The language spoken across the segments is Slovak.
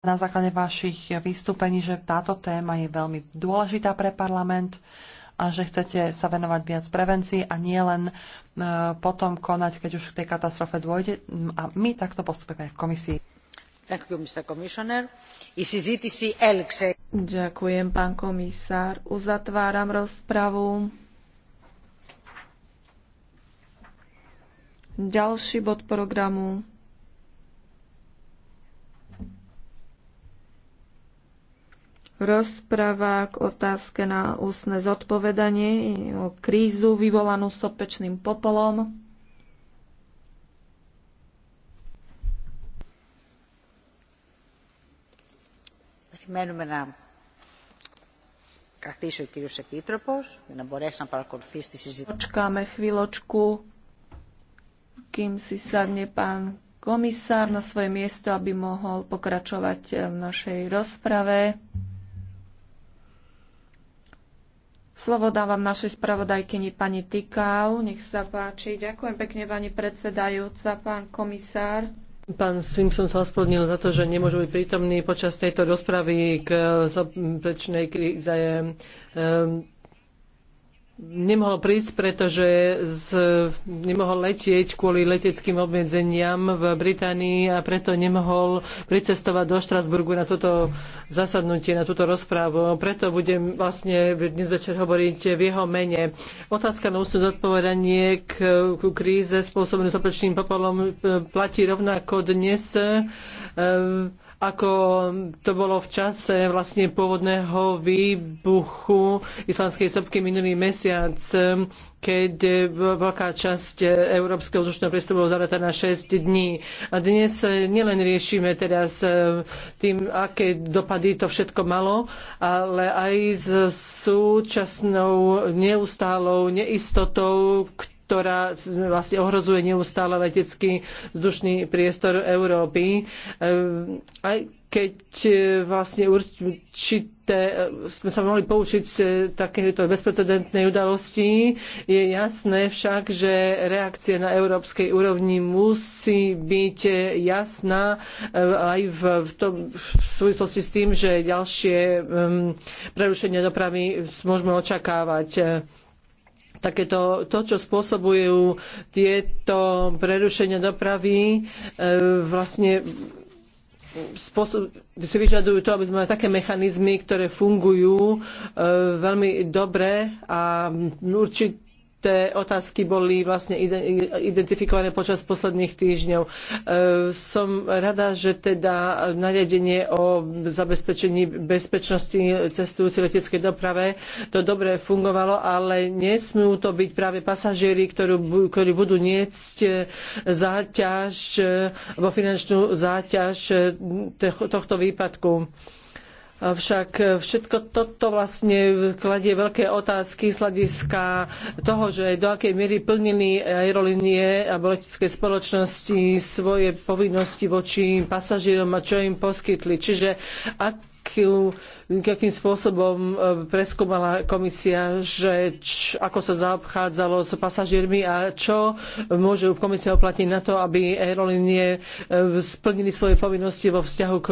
na základe vašich vystúpení, že táto téma je veľmi dôležitá pre parlament a že chcete sa venovať viac prevencii a nie len e, potom konať, keď už k tej katastrofe dôjde. A my takto postupujeme v komisii. Ďakujem, pán komisár. Uzatváram rozpravu. Ďalší bod programu rozpráva k otázke na ústne zodpovedanie o krízu vyvolanú sopečným popolom. Počkáme chvíľočku, kým si sadne pán komisár na svoje miesto, aby mohol pokračovať eh, v našej rozprave. Slovo dávam našej spravodajkyni pani Tikau. Nech sa páči. Ďakujem pekne, pani predsedajúca, pán komisár. Pán Simpson sa ospravedlnil za to, že nemôžu byť prítomný počas tejto rozpravy k bezpečnej kríze e, nemohol prísť, pretože z, nemohol letieť kvôli leteckým obmedzeniam v Británii a preto nemohol pricestovať do Štrasburgu na toto zasadnutie, na túto rozprávu. Preto budem vlastne dnes večer hovoriť v jeho mene. Otázka na ústne zodpovedanie k, k kríze spôsobenú sopečným popolom e, platí rovnako dnes. E, ako to bolo v čase vlastne pôvodného výbuchu islamskej sopky minulý mesiac, keď veľká časť európskeho vzdušného priestoru bola zavretá na 6 dní. A dnes nielen riešime teraz tým, aké dopady to všetko malo, ale aj s súčasnou neustálou neistotou, ktorá vlastne ohrozuje neustále letecký vzdušný priestor Európy. Ehm, aj keď e, vlastne určité, e, sme sa mohli poučiť z e, takéto bezprecedentnej udalosti, je jasné však, že reakcia na európskej úrovni musí byť jasná aj v, tom, v súvislosti s tým, že ďalšie ehm, prerušenie dopravy môžeme očakávať takéto to, čo spôsobujú tieto prerušenia dopravy, e, vlastne spôsob, si vyžadujú to, aby sme mali také mechanizmy, ktoré fungujú e, veľmi dobre a určite tie otázky boli vlastne identifikované počas posledných týždňov. E, som rada, že teda nariadenie o zabezpečení bezpečnosti cestujúcej leteckej doprave to dobre fungovalo, ale nesmú to byť práve pasažieri, ktorí budú niesť záťaž e, alebo finančnú záťaž e, tohto výpadku. Avšak všetko toto vlastne kladie veľké otázky z hľadiska toho, že do akej miery plnili aerolínie a letecké spoločnosti svoje povinnosti voči pasažierom a čo im poskytli. Čiže ak akým, spôsobom e, preskúmala komisia, že č, ako sa zaobchádzalo s pasažiermi a čo môže komisia oplatiť na to, aby aerolínie e, splnili svoje povinnosti vo vzťahu k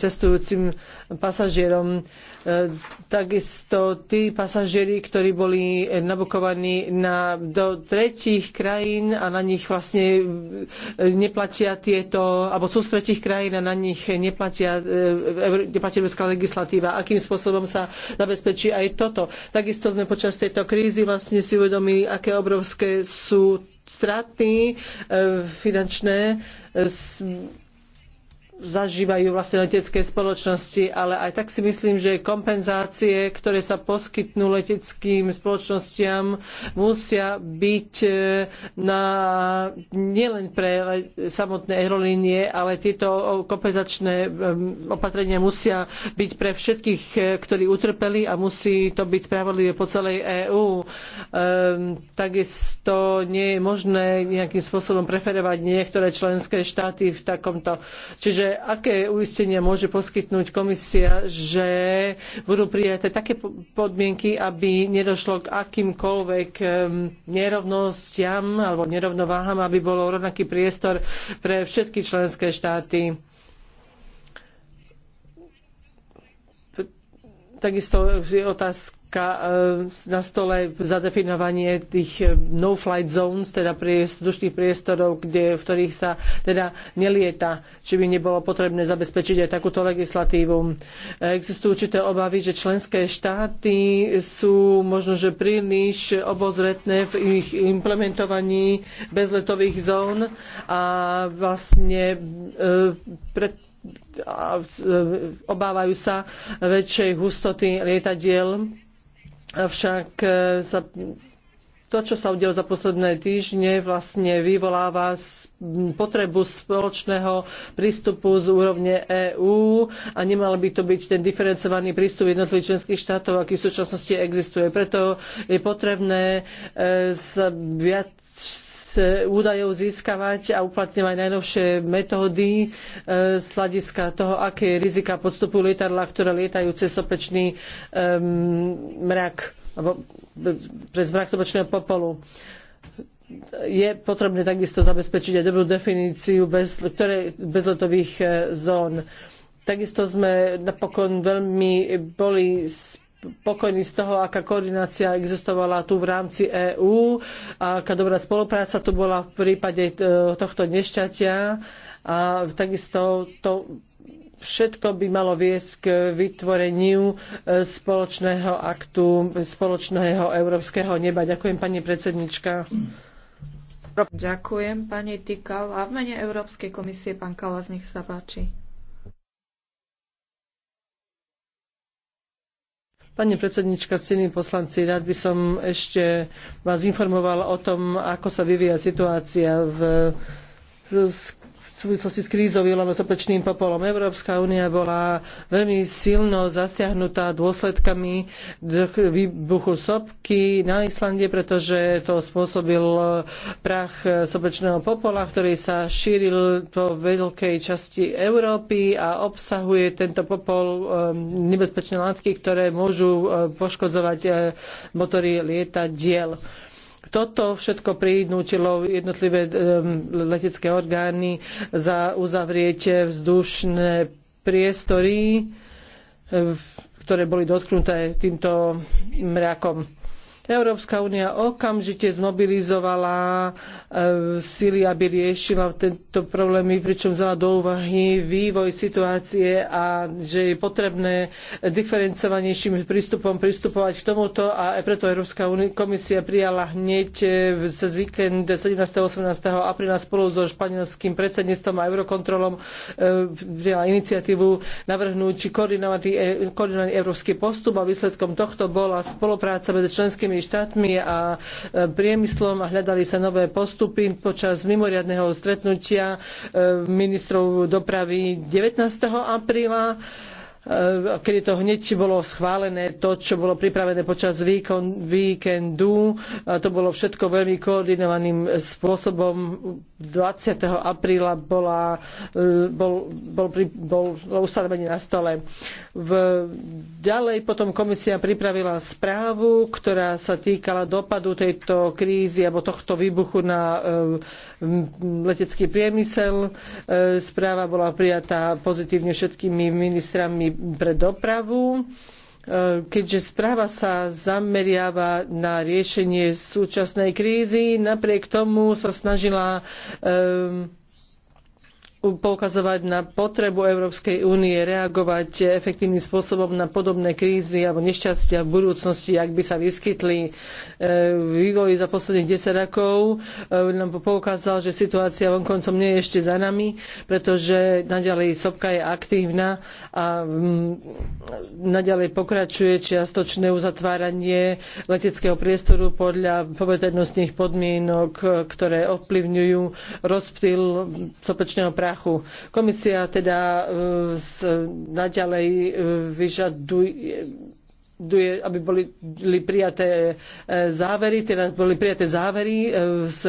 cestujúcim pasažierom. E, takisto tí pasažieri, ktorí boli nabukovaní na, do tretích krajín a na nich vlastne e, neplatia tieto, alebo sú z tretích krajín a na nich neplatia, e, neplatia európska legislatíva. Akým spôsobom sa zabezpečí aj toto. Takisto sme počas tejto krízy vlastne si uvedomili, aké obrovské sú straty finančné zažívajú vlastne letecké spoločnosti, ale aj tak si myslím, že kompenzácie, ktoré sa poskytnú leteckým spoločnostiam, musia byť e, na, nielen pre samotné aerolínie, ale tieto kompenzačné e, opatrenia musia byť pre všetkých, e, ktorí utrpeli a musí to byť spravodlivé po celej EÚ. Takisto nie je možné nejakým spôsobom preferovať niektoré členské štáty v takomto. Čiže že aké uistenia môže poskytnúť komisia, že budú prijaté také podmienky, aby nedošlo k akýmkoľvek nerovnostiam alebo nerovnováham, aby bol rovnaký priestor pre všetky členské štáty. Takisto je otázka E, na stole zadefinovanie tých e, no-flight zones, teda vzdušných priestorov, kde, v ktorých sa teda nelieta, či by nebolo potrebné zabezpečiť aj takúto legislatívu. E, existujú určité obavy, že členské štáty sú možno, že príliš obozretné v ich implementovaní bezletových zón a vlastne obávajú sa väčšej hustoty lietadiel Avšak e, za to, čo sa udialo za posledné týždne, vlastne vyvoláva potrebu spoločného prístupu z úrovne EÚ a nemal by to byť ten diferencovaný prístup jednotlivých členských štátov, aký v súčasnosti existuje. Preto je potrebné e, viac údajov získavať a uplatňovať najnovšie metódy e, z hľadiska toho, aké rizika podstupujú lietadla, ktoré lietajú cez sopečný um, mrak alebo pre zmrak sopečného popolu je potrebné takisto zabezpečiť aj dobrú definíciu bez, ktoré, bezletových e, zón. Takisto sme napokon veľmi boli spokojní z toho, aká koordinácia existovala tu v rámci EÚ, aká dobrá spolupráca tu bola v prípade e, tohto nešťatia a takisto to všetko by malo viesť k vytvoreniu e, spoločného aktu, spoločného európskeho neba. Ďakujem, pani predsednička. Ďakujem, pani Tikal. A v mene Európskej komisie, pán Kalas, nech sa páči. Pani predsednička, ctení poslanci, rád by som ešte vás informoval o tom, ako sa vyvíja situácia v v súvislosti s krízou alebo s opečným popolom. Európska únia bola veľmi silno zasiahnutá dôsledkami výbuchu sopky na Islande, pretože to spôsobil e, prach e, sopečného popola, ktorý sa šíril po veľkej časti Európy a obsahuje tento popol e, nebezpečné látky, ktoré môžu poškodzovať motory lietadiel. diel. Toto všetko prinútilo jednotlivé letecké orgány za uzavrieť vzdušné priestory, ktoré boli dotknuté týmto mrakom Európska únia okamžite zmobilizovala e, sily, aby riešila tento problémy, pričom vzala do úvahy vývoj situácie a že je potrebné diferencovanejším prístupom pristupovať k tomuto a e, preto Európska komisia prijala hneď e, cez víkend 17. 18. apríla spolu so španielským predsedníctvom a eurokontrolom e, prijala iniciatívu navrhnúť koordinovaný, e, koordinovaný európsky postup a výsledkom tohto bola spolupráca medzi členskými členskými štátmi a e, priemyslom a hľadali sa nové postupy počas mimoriadneho stretnutia e, ministrov dopravy 19. apríla e, kedy to hneď bolo schválené, to, čo bolo pripravené počas víkendu. to bolo všetko veľmi koordinovaným spôsobom 20. apríla bola, e, bol, bol, bol, bol ustanovenie na stole. V, ďalej potom komisia pripravila správu, ktorá sa týkala dopadu tejto krízy alebo tohto výbuchu na e, letecký priemysel. E, správa bola prijatá pozitívne všetkými ministrami pre dopravu. E, keďže správa sa zameriava na riešenie súčasnej krízy, napriek tomu sa snažila um, poukazovať na potrebu Európskej únie reagovať efektívnym spôsobom na podobné krízy alebo nešťastia v budúcnosti, ak by sa vyskytli. E, vývoj za posledných 10 rokov e, nám poukázal, že situácia vonkoncom nie je ešte za nami, pretože naďalej sopka je aktívna a mm, naďalej pokračuje čiastočné uzatváranie leteckého priestoru podľa poveternostných podmienok, e, ktoré ovplyvňujú rozptyl sopečného práva strachu. Komisia teda e, naďalej e, vyžaduje aby boli, prijaté e, závery, teda boli prijaté závery z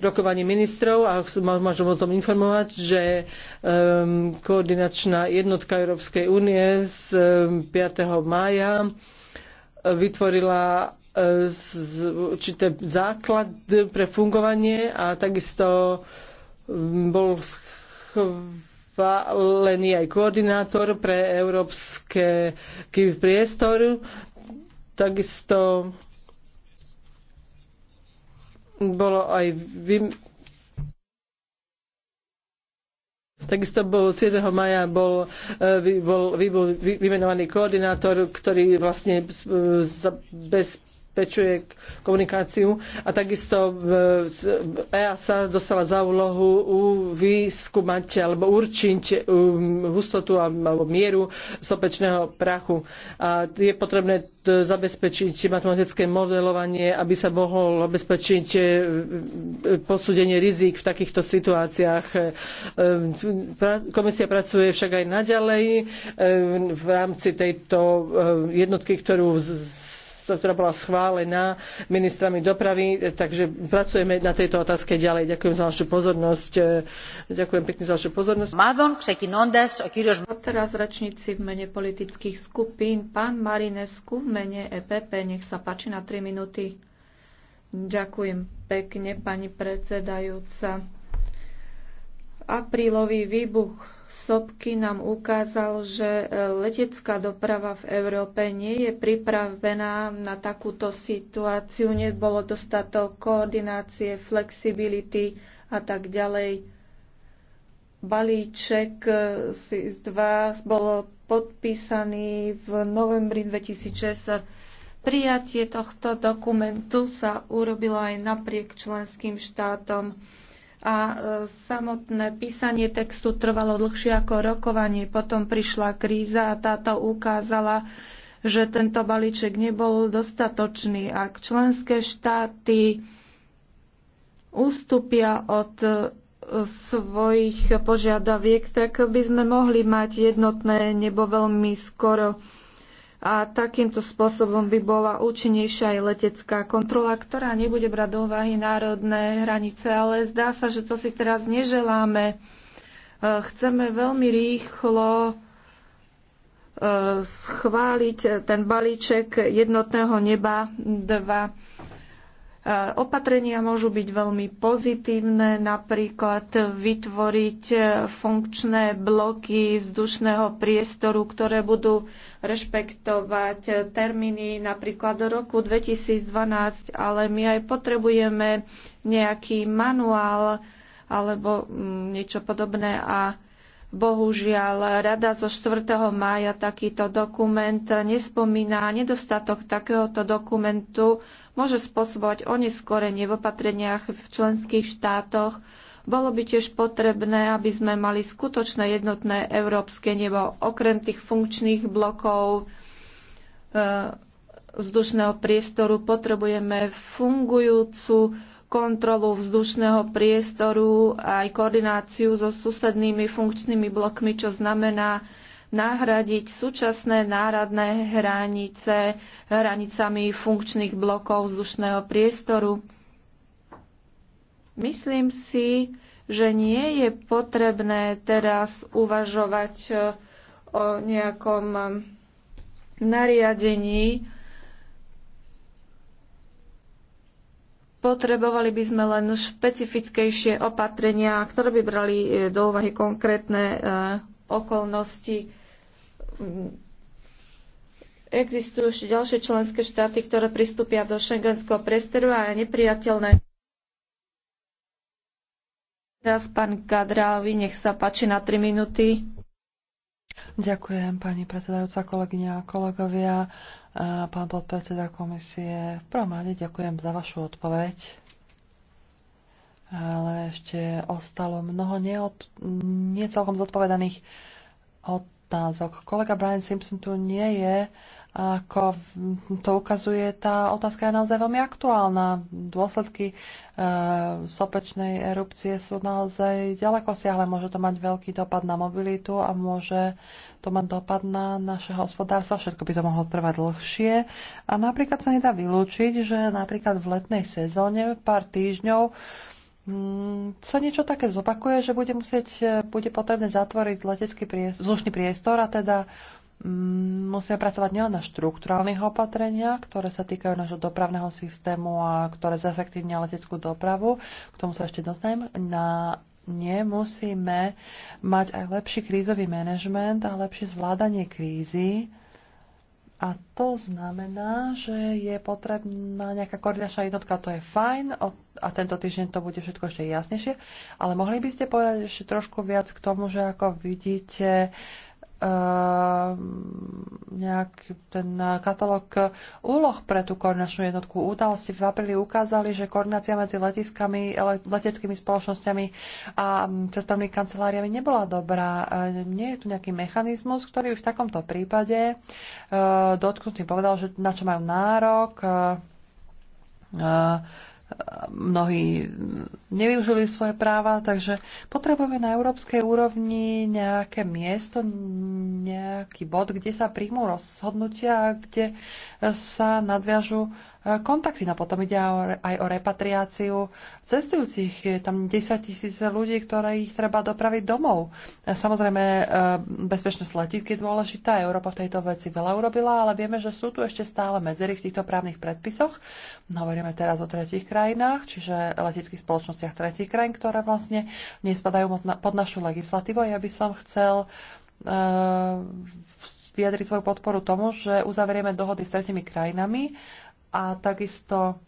rokovaní ministrov a môžem o tom informovať, že koordinačná jednotka Európskej únie z 5. mája vytvorila určité základ pre fungovanie a takisto bol schválený aj koordinátor pre európske priestor. Takisto bolo aj vym... Takisto bol 7. maja bol, e, bol, bol vymenovaný koordinátor, ktorý vlastne e, bez zabezpečuje komunikáciu. A takisto EASA dostala za úlohu vyskúmať alebo určiť um, hustotu alebo mieru sopečného prachu. A je potrebné zabezpečiť matematické modelovanie, aby sa mohol zabezpečiť e, e, posúdenie rizik v takýchto situáciách. E, komisia pracuje však aj naďalej v rámci tejto jednotky, ktorú ktorá bola schválená ministrami dopravy, takže pracujeme na tejto otázke ďalej. Ďakujem za vašu pozornosť. Ďakujem pekne za vašu pozornosť. A teraz račníci v mene politických skupín. Pán Marinesku v mene EPP, nech sa páči na 3 minúty. Ďakujem pekne, pani predsedajúca. Aprílový výbuch Sopky nám ukázal, že e, letecká doprava v Európe nie je pripravená na takúto situáciu, nebolo dostatok koordinácie, flexibility a tak ďalej. Balíček e, SIS-2 bol podpísaný v novembri 2006 Prijatie tohto dokumentu sa urobilo aj napriek členským štátom a e, samotné písanie textu trvalo dlhšie ako rokovanie. Potom prišla kríza a táto ukázala, že tento balíček nebol dostatočný. Ak členské štáty ústupia od e, svojich požiadaviek, tak by sme mohli mať jednotné nebo veľmi skoro a takýmto spôsobom by bola účinnejšia aj letecká kontrola, ktorá nebude brať do úvahy národné hranice, ale zdá sa, že to si teraz neželáme. E, chceme veľmi rýchlo e, schváliť ten balíček jednotného neba 2 Eh, opatrenia môžu byť veľmi pozitívne, napríklad vytvoriť eh, funkčné bloky vzdušného priestoru, ktoré budú rešpektovať eh, termíny napríklad do roku 2012, ale my aj potrebujeme nejaký manuál alebo mm, niečo podobné a Bohužiaľ, rada zo 4. mája takýto dokument nespomína. Nedostatok takéhoto dokumentu môže spôsobovať oneskorenie v opatreniach v členských štátoch. Bolo by tiež potrebné, aby sme mali skutočné jednotné európske nebo okrem tých funkčných blokov e, vzdušného priestoru potrebujeme fungujúcu kontrolu vzdušného priestoru a aj koordináciu so susednými funkčnými blokmi, čo znamená nahradiť súčasné náradné hranice hranicami funkčných blokov vzdušného priestoru. Myslím si, že nie je potrebné teraz uvažovať eh, o nejakom eh, nariadení, Potrebovali by sme len špecifickejšie opatrenia, ktoré by brali e, do úvahy konkrétne e, okolnosti. Mm. Existujú ešte ďalšie členské štáty, ktoré pristúpia do šengenského priestoru a je nepriateľné. Teraz pán Kadrávi, nech sa páči na 3 minúty. Ďakujem, pani predsedajúca, kolegyňa a kolegovia. Pán podpredseda komisie, v prvom rade ďakujem za vašu odpoveď. Ale ešte ostalo mnoho neod, necelkom zodpovedaných otázok. Kolega Brian Simpson tu nie je, ako to ukazuje, tá otázka je naozaj veľmi aktuálna. Dôsledky e, sopečnej erupcie sú naozaj ďaleko siahle. Môže to mať veľký dopad na mobilitu a môže to mať dopad na naše hospodárstvo. Všetko by to mohlo trvať dlhšie. A napríklad sa nedá vylúčiť, že napríklad v letnej sezóne pár týždňov mm, sa niečo také zopakuje, že bude, musieť, e, bude potrebné zatvoriť letecký priestor, vzdušný priestor a teda Mm, musíme pracovať nielen na štruktúrálnych opatreniach, ktoré sa týkajú nášho dopravného systému a ktoré zefektívnia leteckú dopravu, k tomu sa ešte dostanem, na nemusíme musíme mať aj lepší krízový manažment a lepšie zvládanie krízy. A to znamená, že je potrebná nejaká koordinačná jednotka, to je fajn a tento týždeň to bude všetko ešte jasnejšie, ale mohli by ste povedať ešte trošku viac k tomu, že ako vidíte Ehm, nejaký ten eh, katalóg eh, úloh pre tú koordinačnú jednotku. Udalosti v apríli ukázali, že koordinácia medzi letiskami, leteckými spoločnosťami a mm, cestovnými kanceláriami nebola dobrá. Eh, nie je tu nejaký mechanizmus, ktorý by v takomto prípade dotknutý povedal, že na čo majú nárok, mnohí nevyužili svoje práva, takže potrebujeme na európskej úrovni nejaké miesto, nejaký bod, kde sa príjmú rozhodnutia, kde sa nadviažu kontakty. No potom ide aj o repatriáciu cestujúcich. Je tam 10 tisíc ľudí, ktoré ich treba dopraviť domov. Samozrejme, e, bezpečnosť letisk je dôležitá. Európa v tejto veci veľa urobila, ale vieme, že sú tu ešte stále medzery v týchto právnych predpisoch. No, hovoríme teraz o tretich krajinách, čiže leteckých spoločnostiach tretich krajín, ktoré vlastne nespadajú pod našu legislatívu. Ja by som chcel e, vyjadriť svoju podporu tomu, že uzavrieme dohody s tretimi krajinami a takisto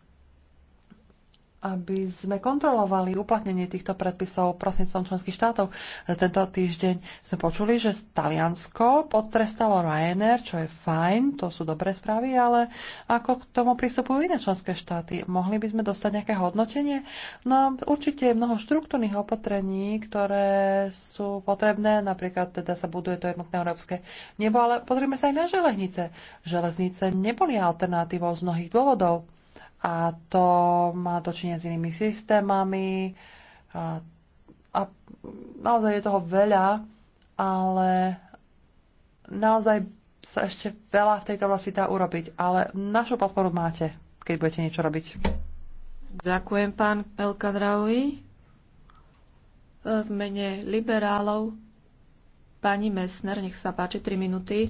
aby sme kontrolovali uplatnenie týchto predpisov prostredníctvom členských štátov. Tento týždeň sme počuli, že Taliansko potrestalo Ryanair, čo je fajn, to sú dobré správy, ale ako k tomu pristupujú iné členské štáty? Mohli by sme dostať nejaké hodnotenie? No určite je mnoho štruktúrnych opatrení, ktoré sú potrebné, napríklad teda sa buduje to jednotné európske nebo, ale pozrieme sa aj na železnice. Železnice neboli alternatívou z mnohých dôvodov a to má dočinenia s inými systémami a, a naozaj je toho veľa, ale naozaj sa ešte veľa v tejto oblasti dá urobiť, ale našu podporu máte, keď budete niečo robiť. Ďakujem, pán Elkadraui. V mene liberálov pani Mesner, nech sa páči, 3 minúty.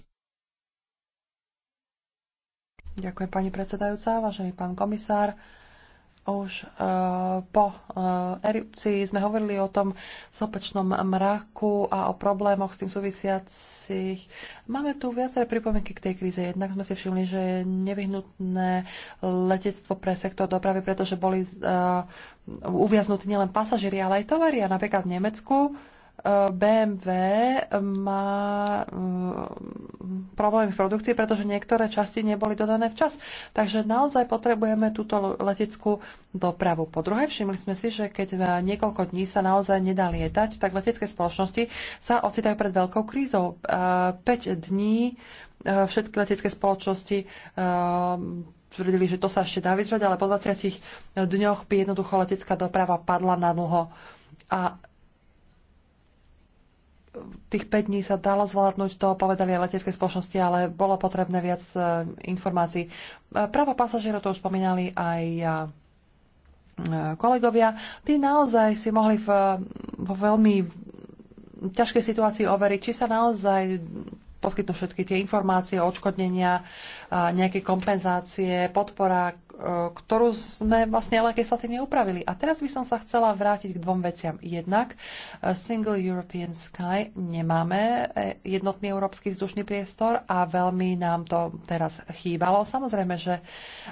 Ďakujem pani predsedajúca, vážený pán komisár. Už uh, po uh, erupcii sme hovorili o tom sopečnom mraku a o problémoch s tým súvisiacich. Máme tu viaceré pripomienky k tej kríze. Jednak sme si všimli, že je nevyhnutné letectvo pre sektor dopravy, pretože boli uh, uviaznutí nielen pasažíri, ale aj tovary. A napríklad v Nemecku uh, BMW má mm, problémy v produkcii, pretože niektoré časti neboli dodané včas. Takže naozaj potrebujeme túto leteckú dopravu. Po druhé, všimli sme si, že keď niekoľko dní sa naozaj nedá lietať, tak letecké spoločnosti sa ocitajú pred veľkou krízou. 5 e, dní e, všetky letecké spoločnosti e, tvrdili, že to sa ešte dá vydržať, ale po 20 dňoch by jednoducho letecká doprava padla na dlho. A tých 5 dní sa dalo zvládnuť, to povedali aj letecké spoločnosti, ale bolo potrebné viac e, informácií. E, Práva pasažierov to už spomínali aj e, kolegovia. Tí naozaj si mohli vo veľmi ťažkej situácii overiť, či sa naozaj poskytnú všetky tie informácie, odškodnenia, nejaké kompenzácie, podpora E, ktorú sme vlastne legislatívne upravili. A teraz by som sa chcela vrátiť k dvom veciam. Jednak e, Single European Sky nemáme e, jednotný európsky vzdušný priestor a veľmi nám to teraz chýbalo. Samozrejme, že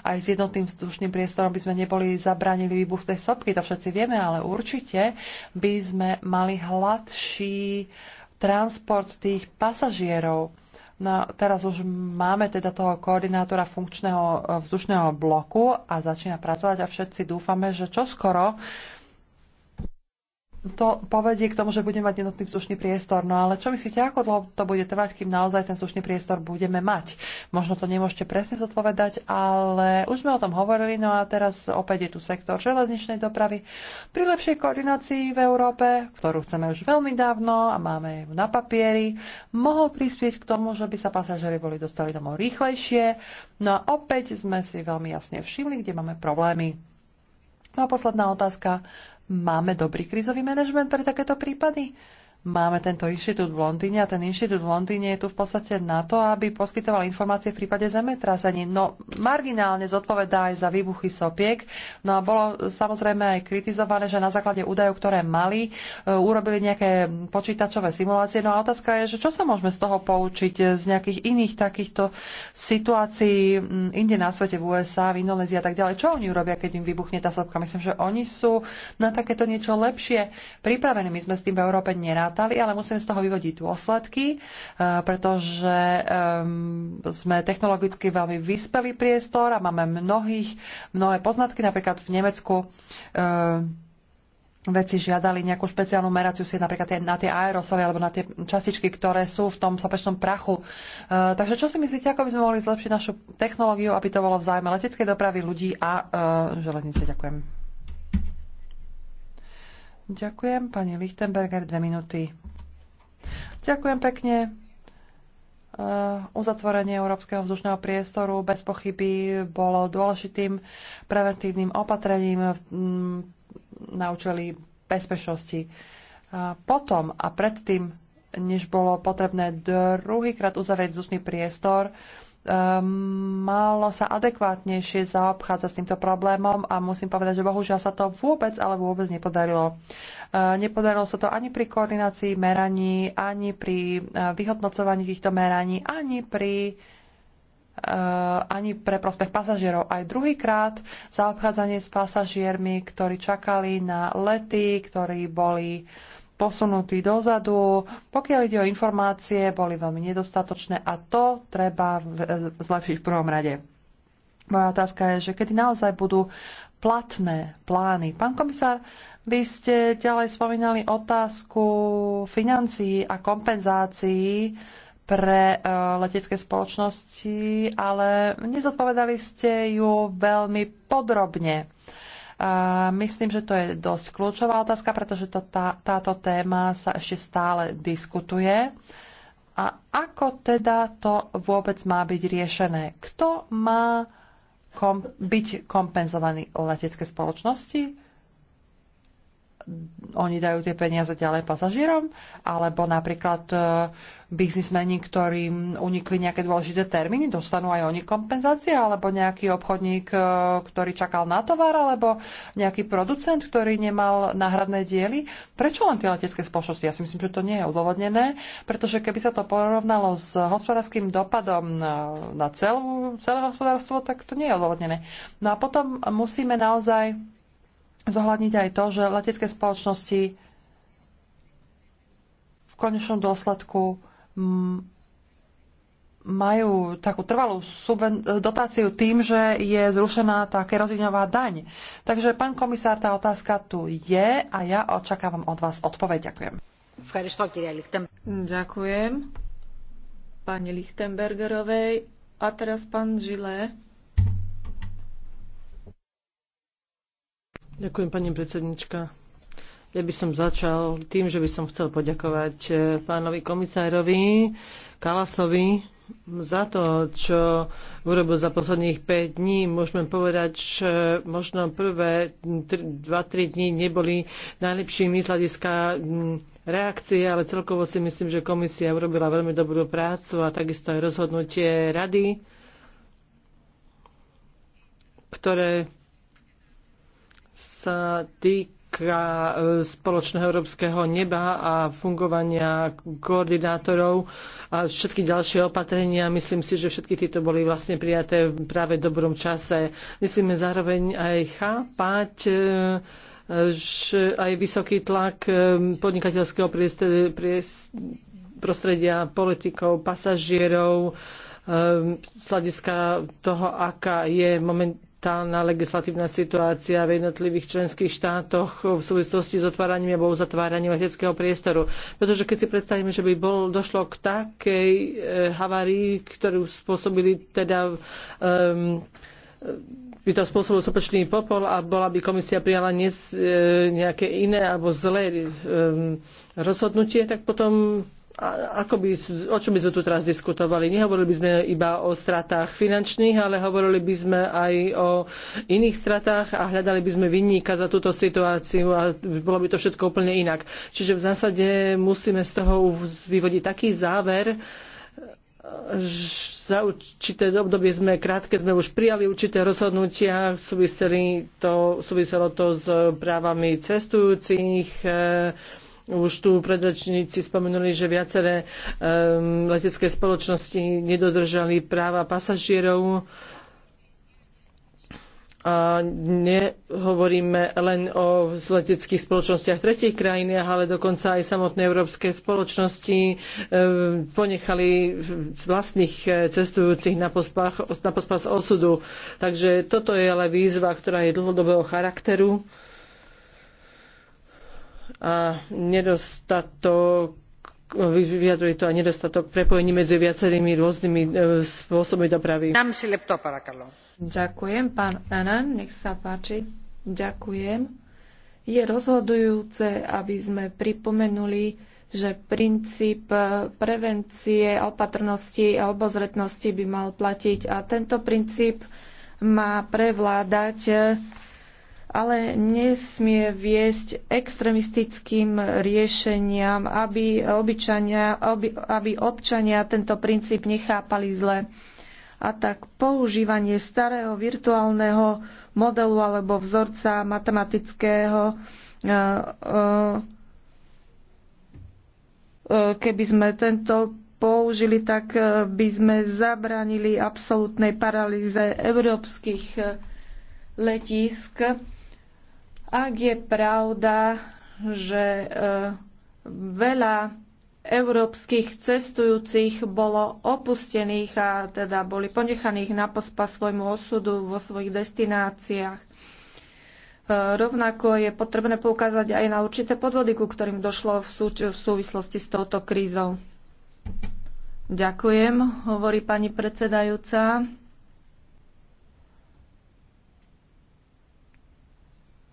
aj s jednotným vzdušným priestorom by sme neboli zabranili výbuch tej sopky, to všetci vieme, ale určite by sme mali hladší transport tých pasažierov No, teraz už máme teda toho koordinátora funkčného eh, vzdušného bloku a začína pracovať a všetci dúfame, že čoskoro skoro to povedie k tomu, že budeme mať jednotný vzdušný priestor. No ale čo myslíte, ako dlho to bude trvať, kým naozaj ten vzdušný priestor budeme mať? Možno to nemôžete presne zodpovedať, ale už sme o tom hovorili, no a teraz opäť je tu sektor železničnej dopravy. Pri lepšej koordinácii v Európe, ktorú chceme už veľmi dávno a máme ju na papieri, mohol prispieť k tomu, že by sa pasažieri boli dostali domov rýchlejšie. No a opäť sme si veľmi jasne všimli, kde máme problémy. No a posledná otázka. Máme dobrý krizový manažment pre takéto prípady? Máme tento inštitút v Londýne a ten inštitút v Londýne je tu v podstate na to, aby poskytoval informácie v prípade zemetrasení. No marginálne zodpovedá aj za výbuchy sopiek. No a bolo samozrejme aj kritizované, že na základe údajov, ktoré mali, e, urobili nejaké počítačové simulácie. No a otázka je, že čo sa môžeme z toho poučiť e, z nejakých iných takýchto situácií inde na svete, v USA, v Indonézii a tak ďalej. Čo oni urobia, keď im vybuchne tá sopka? Myslím, že oni sú na takéto niečo lepšie pripravení. My sme s tým v Európe nerad rátali, ale musíme z toho vyvodiť dôsledky, e, pretože sme technologicky veľmi vyspelý priestor a máme mnohých, mnohé poznatky. Napríklad v Nemecku e, veci žiadali nejakú špeciálnu meraciu si napríklad na tie aerosoly alebo na tie častičky, ktoré sú v tom sopečnom prachu. E, takže čo si myslíte, ako by sme mohli zlepšiť našu technológiu, aby to bolo vzájme leteckej dopravy ľudí a železnice? Ďakujem. Ďakujem. Pani Lichtenberger, dve minúty. Ďakujem pekne. Uh, uzatvorenie európskeho vzdušného priestoru bez pochyby bolo dôležitým preventívnym opatrením mm, na účely bezpečnosti. potom a predtým, než bolo potrebné druhýkrát uzavrieť vzdušný priestor, Ehm, malo sa adekvátnejšie zaobchádzať s týmto problémom a musím povedať, že bohužiaľ sa to vôbec, ale vôbec nepodarilo. Ehm, nepodarilo sa to ani pri koordinácii meraní, ani pri eh, vyhodnocovaní týchto meraní, ani pri eh, ani pre prospech pasažierov. Aj druhýkrát zaobchádzanie s pasažiermi, ktorí čakali na lety, ktorí boli uh, posunutý dozadu. Pokiaľ ide o informácie, boli veľmi nedostatočné a to treba zlepšiť v prvom rade. Moja otázka je, že kedy naozaj budú platné plány. Pán komisár, vy ste ďalej spomínali otázku financií a kompenzácií pre e, letecké spoločnosti, ale nezodpovedali ste ju veľmi podrobne. Myslím, že to je dosť kľúčová otázka, pretože to, tá, táto téma sa ešte stále diskutuje. A ako teda to vôbec má byť riešené? Kto má kom- byť kompenzovaný letecké spoločnosti? Oni dajú tie peniaze ďalej pasažierom? Alebo napríklad uh, biznismeni, ktorým unikli nejaké dôležité termíny, dostanú aj oni kompenzácie, alebo nejaký obchodník, e, ktorý čakal na tovar, alebo nejaký producent, ktorý nemal náhradné diely. Prečo len tie letecké spoločnosti? Ja si myslím, že to nie je odôvodnené, pretože keby sa to porovnalo s hospodárským dopadom e, na celú, celé hospodárstvo, tak to nie je odôvodnené. No a potom musíme naozaj zohľadniť aj to, že letecké spoločnosti v konečnom dôsledku majú takú trvalú dotáciu tým, že je zrušená tá kerozíňová daň. Takže, pán komisár, tá otázka tu je a ja očakávam od vás odpoveď. Ďakujem. Ďakujem pani Lichtenbergerovej. A teraz pán žile. Ďakujem, pani predsednička. Ja by som začal tým, že by som chcel poďakovať e, pánovi komisárovi Kalasovi za to, čo urobil za posledných 5 dní. Môžeme povedať, že možno prvé 2-3 dní neboli najlepšími z hľadiska mm, reakcie, ale celkovo si myslím, že komisia urobila veľmi dobrú prácu a takisto aj rozhodnutie rady, ktoré sa týka otázka e, spoločného európskeho neba a fungovania koordinátorov a všetky ďalšie opatrenia. Myslím si, že všetky tieto boli vlastne prijaté v práve dobrom čase. Myslíme zároveň aj chápať e, aj vysoký tlak e, podnikateľského prostredia, politikov, pasažierov, z hľadiska toho, aká je moment, momentálna legislatívna situácia v jednotlivých členských štátoch v súvislosti s otváraním alebo uzatváraním leteckého priestoru. Pretože keď si predstavíme, že by bol, došlo k takej e, havárii, ktorú spôsobili teda e, by to spôsobil sopečný popol a bola by komisia prijala e, nejaké iné alebo zlé e, rozhodnutie, tak potom ako by, o čom by sme tu teraz diskutovali. Nehovorili by sme iba o stratách finančných, ale hovorili by sme aj o iných stratách a hľadali by sme vinníka za túto situáciu a bolo by to všetko úplne inak. Čiže v zásade musíme z toho vyvodiť taký záver, za určité obdobie sme krátke, sme už prijali určité rozhodnutia, súviselo to, súviselo to s právami cestujúcich, e, eh, už tu predročníci spomenuli, že viaceré um, letecké spoločnosti nedodržali práva pasažierov. A nehovoríme len o leteckých spoločnostiach tretich krajín, ale dokonca aj samotné európske spoločnosti ehm, ponechali vlastných e, cestujúcich na pospas, na pospas osudu. Takže toto je ale výzva, ktorá je dlhodobého charakteru a nedostatok vyjadruje to aj nedostatok prepojení medzi viacerými rôznymi e, spôsobmi dopravy. Ďakujem, pán Anan, nech sa páči. Ďakujem. Je rozhodujúce, aby sme pripomenuli, že princíp e, prevencie, opatrnosti a obozretnosti by mal platiť a tento princíp má prevládať e, ale nesmie viesť extremistickým riešeniam, aby, obyčania, aby, aby občania tento princíp nechápali zle. A tak používanie starého virtuálneho modelu alebo vzorca matematického, e, e, e, keby sme tento použili, tak by sme zabránili absolútnej paralýze európskych letísk ak je pravda, že e, veľa európskych cestujúcich bolo opustených a teda boli ponechaných na pospa svojmu osudu vo svojich destináciách. E, rovnako je potrebné poukázať aj na určité podvody, ku ktorým došlo v, sú, v súvislosti s touto krízou. Ďakujem, hovorí pani predsedajúca.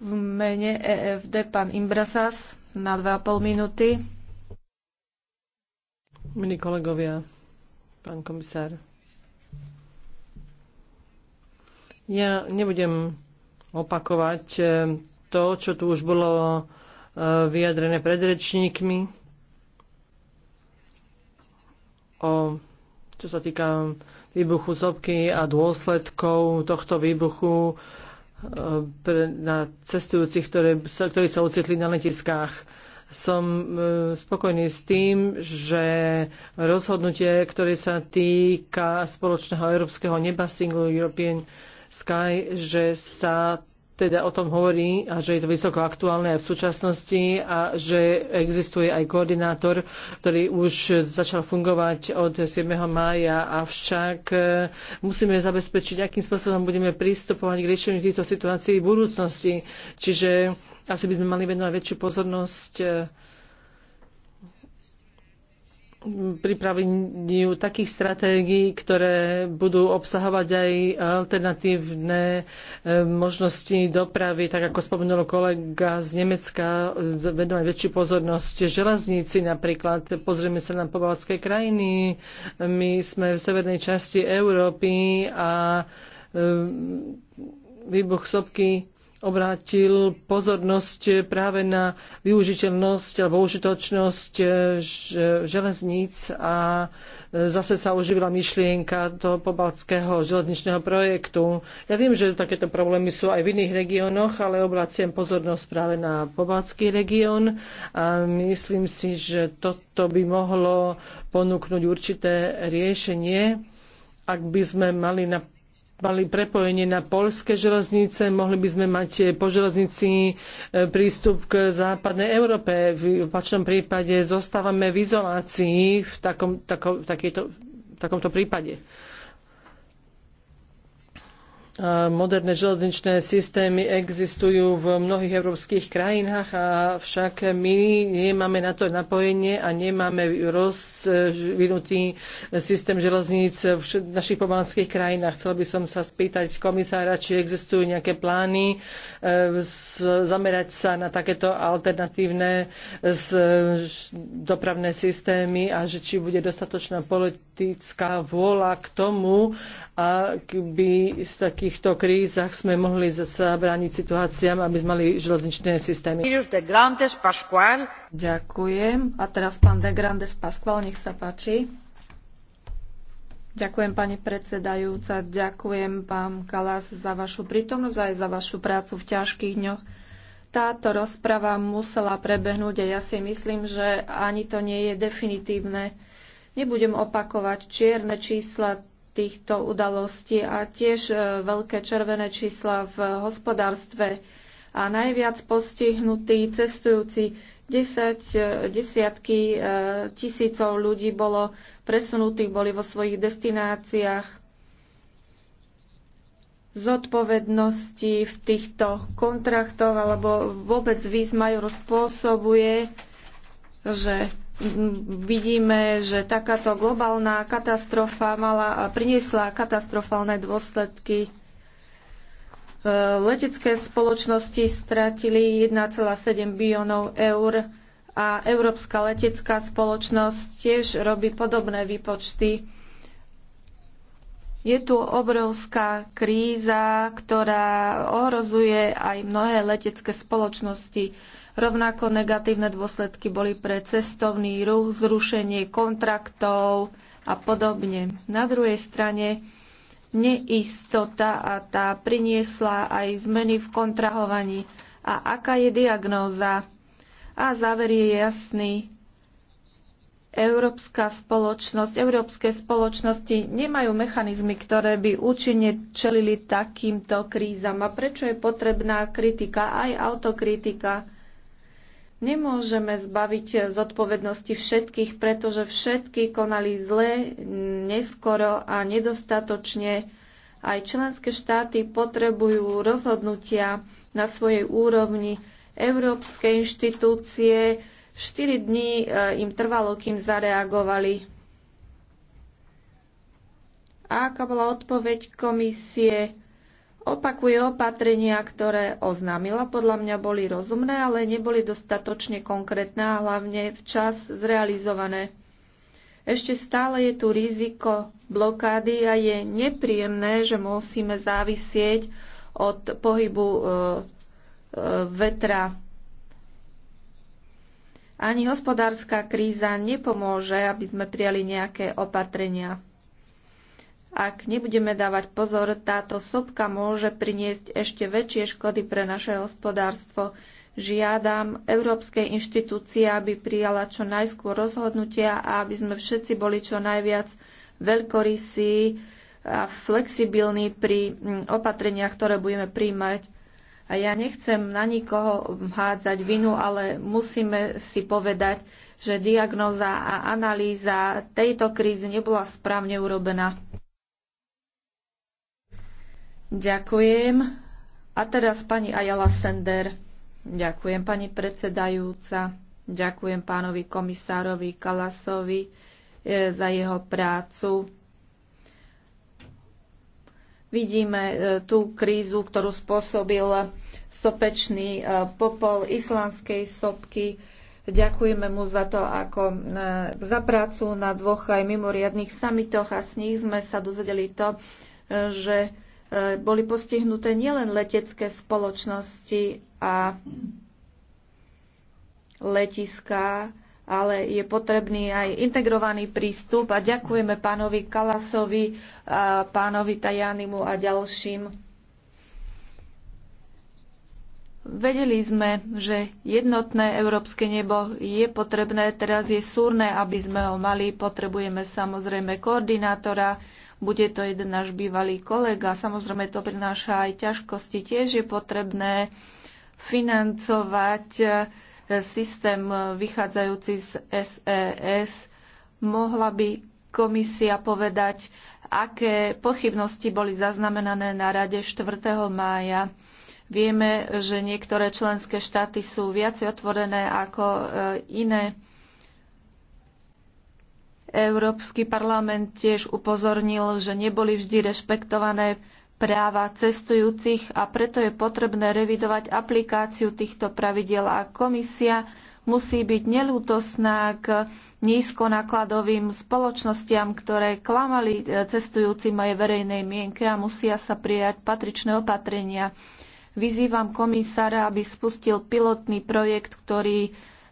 v mene EFD pán Imbrasas na 2,5 minúty. Milí kolegovia, pán komisár, ja nebudem opakovať eh, to, čo tu už bolo eh, vyjadrené predrečníkmi o čo sa týka výbuchu sopky a dôsledkov tohto výbuchu pre, na cestujúcich, ktoré, ktorí sa ocitli na letiskách. Som e, spokojný s tým, že rozhodnutie, ktoré sa týka spoločného európskeho neba Single European Sky, že sa teda o tom hovorí a že je to vysoko aktuálne aj v súčasnosti a že existuje aj koordinátor, ktorý už začal fungovať od 7. mája, avšak e, musíme zabezpečiť, akým spôsobom budeme pristupovať k riešeniu týchto situácií v budúcnosti. Čiže asi by sme mali venovať väčšiu pozornosť e, pripraveniu takých stratégií, ktoré budú obsahovať aj alternatívne e, možnosti dopravy, tak ako spomenul kolega z Nemecka, e, venovať väčšiu pozornosť železníci napríklad. Pozrieme sa na pobalské krajiny. My sme v severnej časti Európy a e, výbuch sopky obrátil pozornosť práve na využiteľnosť alebo užitočnosť e, železníc a e, zase sa oživila myšlienka toho pobaltského železničného projektu. Ja viem, že takéto problémy sú aj v iných regiónoch, ale obraciam pozornosť práve na pobaltský región a myslím si, že toto by mohlo ponúknuť určité riešenie ak by sme mali na mali prepojenie na polské železnice, mohli by sme mať eh, po železnici eh, prístup k západnej Európe. V opačnom prípade zostávame v izolácii v, takom, tako, v takomto prípade. Moderné železničné systémy existujú v mnohých európskych krajinách, avšak my nemáme na to napojenie a nemáme rozvinutý systém železníc v našich pobalských krajinách. Chcel by som sa spýtať komisára, či existujú nejaké plány e, zamerať sa na takéto alternatívne dopravné systémy a že či bude dostatočná politická vôľa k tomu, aby sa takýchto krízach sme mohli zabrániť situáciám, aby sme mali železničné systémy. Ďakujem. A teraz pán De Grandes Pasqual, nech sa páči. Ďakujem, pani predsedajúca. Ďakujem, pán Kalas, za vašu prítomnosť aj za vašu prácu v ťažkých dňoch. Táto rozprava musela prebehnúť a ja si myslím, že ani to nie je definitívne. Nebudem opakovať čierne čísla týchto udalostí a tiež e, veľké červené čísla v hospodárstve a najviac postihnutí cestujúci 10, e, desiatky e, tisícov ľudí bolo presunutých, boli vo svojich destináciách. Zodpovednosti v týchto kontraktoch alebo vôbec výzmajú spôsobuje, že vidíme, že takáto globálna katastrofa mala, priniesla katastrofálne dôsledky. E, letecké spoločnosti stratili 1,7 bilionov eur a Európska letecká spoločnosť tiež robí podobné výpočty. Je tu obrovská kríza, ktorá ohrozuje aj mnohé letecké spoločnosti. Rovnako negatívne dôsledky boli pre cestovný ruch, zrušenie kontraktov a podobne. Na druhej strane neistota a tá priniesla aj zmeny v kontrahovaní. A aká je diagnóza? A záver je jasný. Európska spoločnosť, európske spoločnosti nemajú mechanizmy, ktoré by účinne čelili takýmto krízam. A prečo je potrebná kritika, aj autokritika? Nemôžeme zbaviť zodpovednosti všetkých, pretože všetky konali zle, neskoro a nedostatočne. Aj členské štáty potrebujú rozhodnutia na svojej úrovni. Európske inštitúcie 4 dní eh, im trvalo, kým zareagovali. A aká bola odpoveď komisie? opakuje opatrenia, ktoré oznámila. Podľa mňa boli rozumné, ale neboli dostatočne konkrétne a hlavne včas zrealizované. Ešte stále je tu riziko blokády a je nepríjemné, že musíme závisieť od pohybu e, e, vetra. Ani hospodárska kríza nepomôže, aby sme prijali nejaké opatrenia. Ak nebudeme dávať pozor, táto sopka môže priniesť ešte väčšie škody pre naše hospodárstvo. Žiadam Európskej inštitúcie, aby prijala čo najskôr rozhodnutia a aby sme všetci boli čo najviac veľkorysí a flexibilní pri mm, opatreniach, ktoré budeme príjmať. A ja nechcem na nikoho hádzať vinu, ale musíme si povedať, že diagnóza a analýza tejto krízy nebola správne urobená. Ďakujem. A teraz pani Ajala Sender. Ďakujem pani predsedajúca. Ďakujem pánovi komisárovi Kalasovi e, za jeho prácu. Vidíme e, tú krízu, ktorú spôsobil sopečný e, popol islandskej sopky. Ďakujeme mu za to, ako za prácu na dvoch aj mimoriadných samitoch a s nich sme sa dozvedeli to, že E, boli postihnuté nielen letecké spoločnosti a letiská, ale je potrebný aj integrovaný prístup a ďakujeme pánovi Kalasovi, a pánovi Tajanimu a ďalším. Vedeli sme, že jednotné európske nebo je potrebné, teraz je súrne, aby sme ho mali. Potrebujeme samozrejme koordinátora, bude to jeden náš bývalý kolega. Samozrejme, to prináša aj ťažkosti. Tiež je potrebné financovať eh, systém eh, vychádzajúci z SES. E Mohla by komisia povedať, aké pochybnosti boli zaznamenané na rade 4. mája. Vieme, že niektoré členské štáty sú viac otvorené ako eh, iné. Európsky parlament tiež upozornil, že neboli vždy rešpektované práva cestujúcich a preto je potrebné revidovať aplikáciu týchto pravidiel a komisia musí byť nelútosná k nízkonákladovým spoločnostiam, ktoré klamali e, cestujúcim aj verejnej mienke a musia sa prijať patričné opatrenia. Vyzývam komisára, aby spustil pilotný projekt, ktorý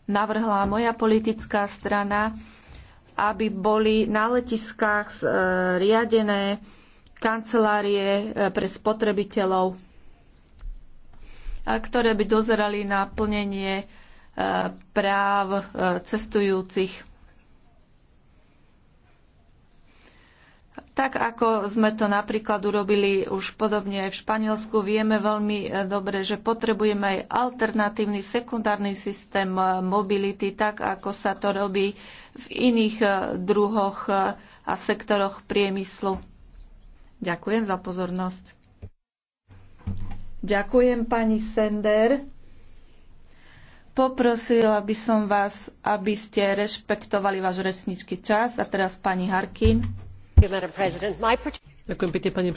navrhla moja politická strana aby boli na letiskách e, riadené kancelárie e, pre spotrebiteľov, ktoré by dozerali na plnenie e, práv cestujúcich. Tak ako sme to napríklad urobili už podobne aj v Španielsku, vieme veľmi e, dobre, že potrebujeme aj alternatívny sekundárny systém e, mobility, tak ako sa to robí v iných e, druhoch a sektoroch priemyslu. Ďakujem za pozornosť. Ďakujem pani Sender. Poprosila by som vás, aby ste rešpektovali váš rečnícky čas. A teraz pani Harkin. Ďakujem pani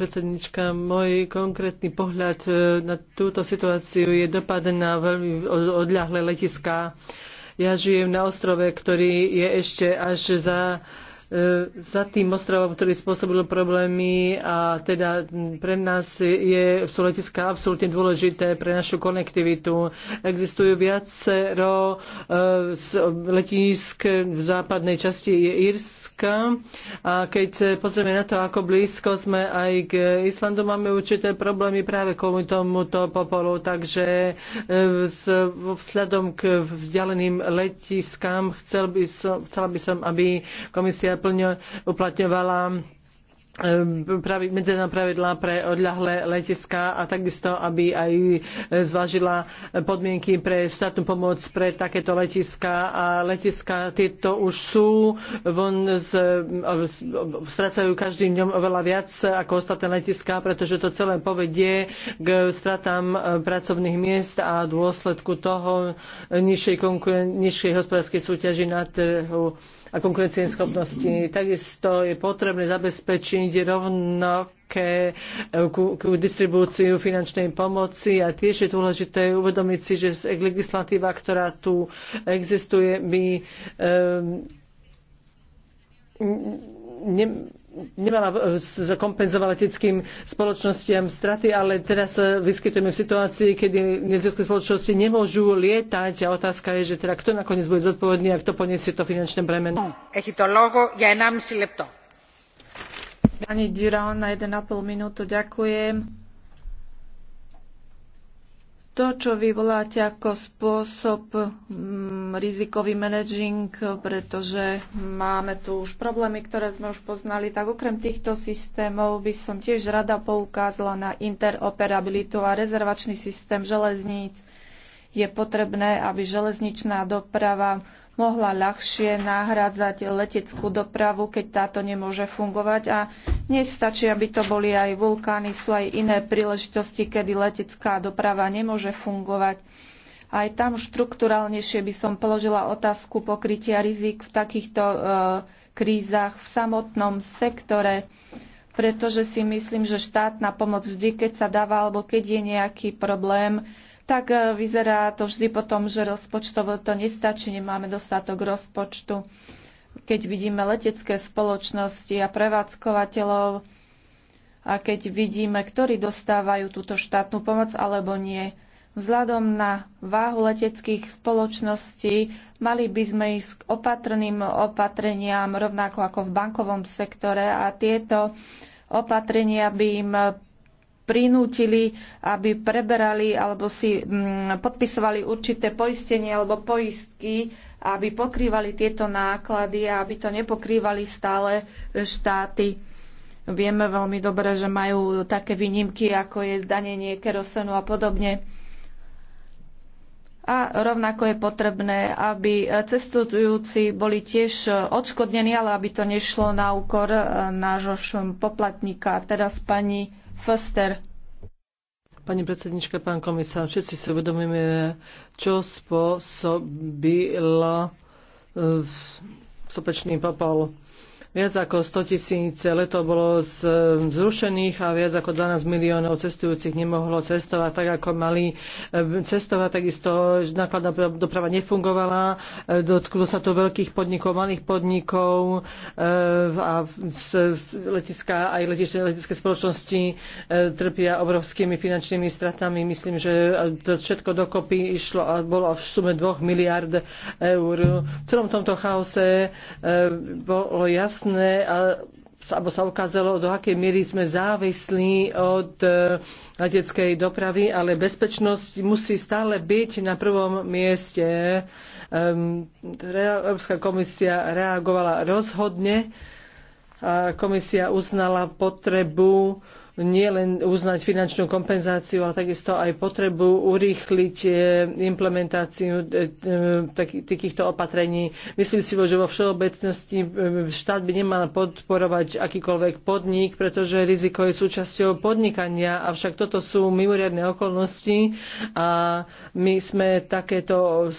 Môj konkrétny pohľad e, na túto situáciu je dopad na veľmi odľahlé letiská. Ja žijem na ostrove, ktorý je ešte až za E, za tým ostrovom, ktorý spôsobil problémy a teda pre nás je, sú letiska absolútne dôležité pre našu konektivitu. Existujú viacero e, letísk v západnej časti Írska a keď sa pozrieme na to, ako blízko sme aj k Islandu, máme určité problémy práve kvôli tomuto popolu, takže e, vzhľadom k vzdialeným letiskám chcel by som, chcela by som, aby komisia uplatňovala ehm, pravi, pravidlá pre odľahlé letiská a takisto, aby aj zvážila podmienky pre štátnu pomoc pre takéto letiská a letiská tieto už sú von z, strácajú každým dňom oveľa viac ako ostatné letiská, pretože to celé povedie k stratám e, pracovných miest a dôsledku toho nižšej, konkuren- nižšej hospodárskej súťaži na trhu a konkurencieschopnosti. Takisto je potrebné zabezpečiť rovno eh, k distribúciu finančnej pomoci a tiež je dôležité uvedomiť si, že legislatíva, ktorá tu existuje, by um, eh, ne, nemala zakompenzovať e, leteckým spoločnostiam straty, ale teraz sa e, vyskytujeme v situácii, kedy letecké spoločnosti nemôžu lietať a otázka je, že teda kto nakoniec bude zodpovedný a kto poniesie to finančné bremeno. No, Echi to logo, ja nám si lepto. Pani Dira, na 1,5 minútu ďakujem to, čo voláte ako spôsob mm, rizikový managing, pretože máme tu už problémy, ktoré sme už poznali, tak okrem týchto systémov by som tiež rada poukázala na interoperabilitu a rezervačný systém železníc. Je potrebné, aby železničná doprava mohla ľahšie nahrádzať leteckú dopravu, keď táto nemôže fungovať. A nestačí, aby to boli aj vulkány, sú aj iné príležitosti, kedy letecká doprava nemôže fungovať. Aj tam štrukturálnejšie by som položila otázku pokrytia rizik v takýchto e, krízach v samotnom sektore, pretože si myslím, že štátna pomoc vždy, keď sa dáva alebo keď je nejaký problém, tak e, vyzerá to vždy potom, že rozpočtovo to nestačí, nemáme dostatok rozpočtu. Keď vidíme letecké spoločnosti a prevádzkovateľov a keď vidíme, ktorí dostávajú túto štátnu pomoc alebo nie, Vzhľadom na váhu leteckých spoločností mali by sme ísť k opatrným opatreniam, rovnako ako v bankovom sektore a tieto opatrenia by im prinútili, aby preberali alebo si mm, podpisovali určité poistenie alebo poistky, aby pokrývali tieto náklady a aby to nepokrývali stále štáty. Vieme veľmi dobre, že majú také výnimky, ako je zdanenie kerosenu a podobne. A rovnako je potrebné, aby cestujúci boli tiež odškodnení, ale aby to nešlo na úkor eh, nášho poplatníka. Teraz pani Foster. Pani predsednička, pán komisár, všetci si uvedomíme, čo spôsobilo sopečný papal Viac ako 100 tisíc letov bolo zrušených a viac ako 12 miliónov cestujúcich nemohlo cestovať tak, ako mali e, cestovať. Takisto nákladná doprava nefungovala. E, dotklo sa to veľkých podnikov, malých podnikov e, a letiska, aj letišné letecké spoločnosti trpia obrovskými finančnými stratami. Myslím, že to všetko dokopy išlo a bolo v sume 2 miliard eur. V celom tomto chaose bolo jasné, jasné, alebo sa ukázalo, do akej miery sme závislí od e, leteckej dopravy, ale bezpečnosť musí stále byť na prvom mieste. Európska komisia reagovala rozhodne a komisia uznala potrebu nie len uznať finančnú kompenzáciu, ale takisto aj potrebu urýchliť e, implementáciu e, e, takýchto opatrení. Myslím si, že vo všeobecnosti štát by nemal podporovať akýkoľvek podnik, pretože riziko je súčasťou podnikania, avšak toto sú mimoriadne okolnosti a my sme takéto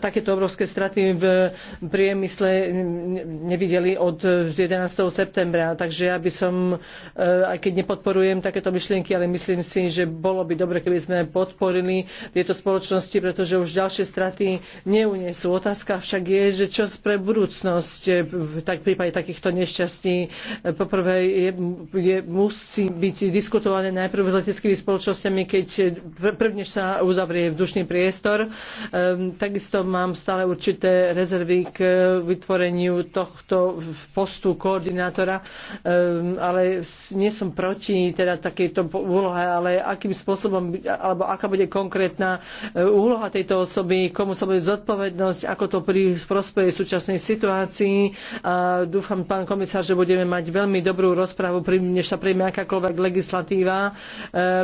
takéto obrovské straty v priemysle nevideli od 11. septembra. Takže ja by som, e, aj keď nepodporujem takéto myšlienky, ale myslím si, že bolo by dobre, keby sme podporili tieto spoločnosti, pretože už ďalšie straty neuniesú. Otázka však je, že čo pre budúcnosť e, v tak prípade takýchto nešťastí. E, poprvé je, je, musí byť diskutované najprv s leteckými spoločnosťami, keď prvne sa uzavrie vzdušný priestor takisto mám stále určité rezervy k eh, vytvoreniu tohto postu koordinátora, eh, ale nie som proti teda takejto úlohe, ale akým spôsobom, alebo aká bude konkrétna eh, úloha tejto osoby, komu sa bude zodpovednosť, ako to pri prospeje súčasnej situácii. A dúfam, pán komisár, že budeme mať veľmi dobrú rozprávu, než sa príjme akákoľvek legislatíva,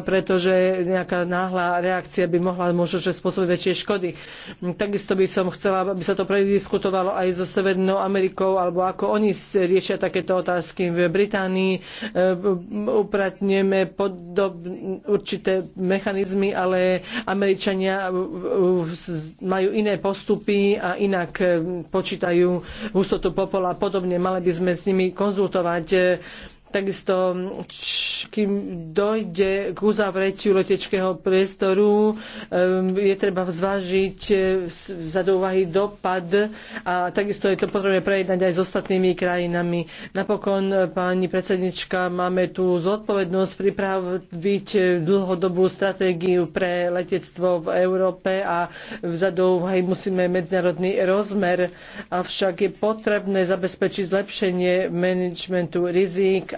pretože nejaká náhla reakcia by mohla možno že spôsobiť väčšie škody. Takisto by som chcela, aby sa to prediskutovalo aj so Severnou Amerikou, alebo ako oni riešia takéto otázky v Británii. E, upratneme podob, určité mechanizmy, ale Američania majú iné postupy a inak e, počítajú hustotu popola a podobne. Mali by sme s nimi konzultovať e, Takisto, kým dojde k uzavretiu letečkého priestoru, je treba zvážiť e, za do úvahy dopad a takisto je to potrebné prejednať aj s ostatnými krajinami. Napokon, e, pani predsednička, máme tu zodpovednosť pripraviť e, dlhodobú stratégiu pre letectvo v Európe a za do úvahy musíme medzinárodný rozmer, avšak je potrebné zabezpečiť zlepšenie managementu rizik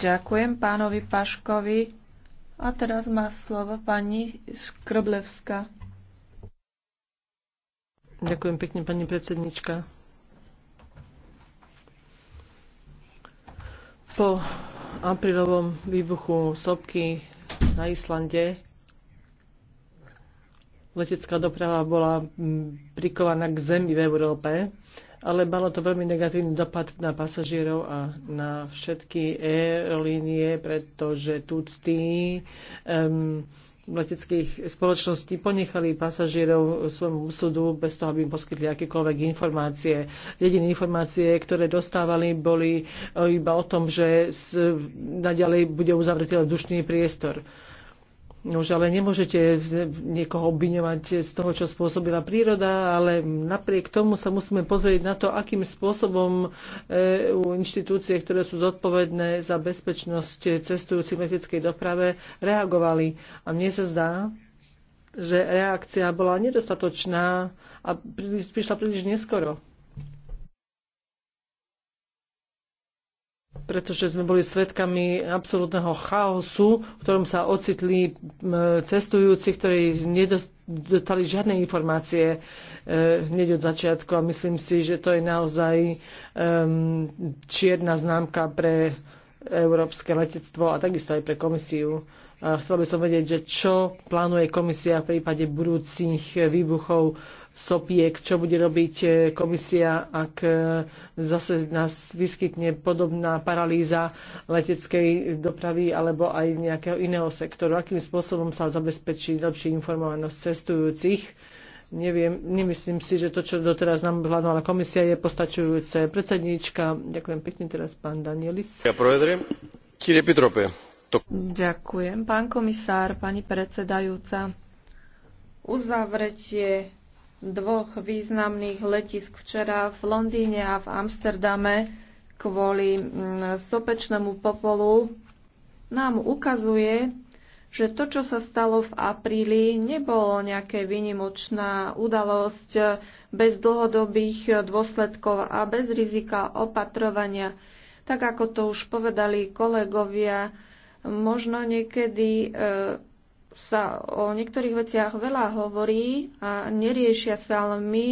Ďakujem pánovi Paškovi. A teraz má slovo pani Škrblevská. Ďakujem pekne, pani predsednička. Po aprílovom výbuchu sopky na Islande letecká doprava bola prikovaná k zemi v Európe ale malo to veľmi negatívny dopad na pasažierov a na všetky e-línie, pretože tucty um, leteckých spoločností ponechali pasažierov svojmu súdu bez toho, aby im poskytli akékoľvek informácie. Jediné informácie, ktoré dostávali, boli iba o tom, že naďalej bude uzavretý dušný priestor. Už ale nemôžete niekoho obviňovať z toho, čo spôsobila príroda, ale napriek tomu sa musíme pozrieť na to, akým spôsobom e, inštitúcie, ktoré sú zodpovedné za bezpečnosť cestujúcich v leteckej doprave, reagovali. A mne sa zdá, že reakcia bola nedostatočná a prišla príliš neskoro. pretože sme boli svedkami absolútneho chaosu, v ktorom sa ocitli cestujúci, ktorí nedostali žiadne informácie e, hneď od začiatku a myslím si, že to je naozaj čierna známka pre európske letectvo a takisto aj pre komisiu. Chcel by som vedieť, že čo plánuje komisia v prípade budúcich výbuchov sopiek, čo bude robiť eh, komisia, ak eh, zase nás vyskytne podobná paralýza leteckej dopravy alebo aj nejakého iného sektoru. Akým spôsobom sa zabezpečí lepšia informovanosť cestujúcich? Neviem, nemyslím si, že to, čo doteraz nám hľadovala komisia, je postačujúce. Predsedníčka, ďakujem pekne teraz pán Danielis. Ja provedriem. Kýrie Pitrope. Ďakujem, pán komisár, pani predsedajúca. Uzavretie dvoch významných letisk včera v Londýne a v Amsterdame kvôli mm, sopečnému popolu nám ukazuje, že to, čo sa stalo v apríli, nebolo nejaké vynimočná udalosť bez dlhodobých dôsledkov a bez rizika opatrovania. Tak ako to už povedali kolegovia, Možno niekedy e, sa o niektorých veciach veľa hovorí a neriešia sa, ale my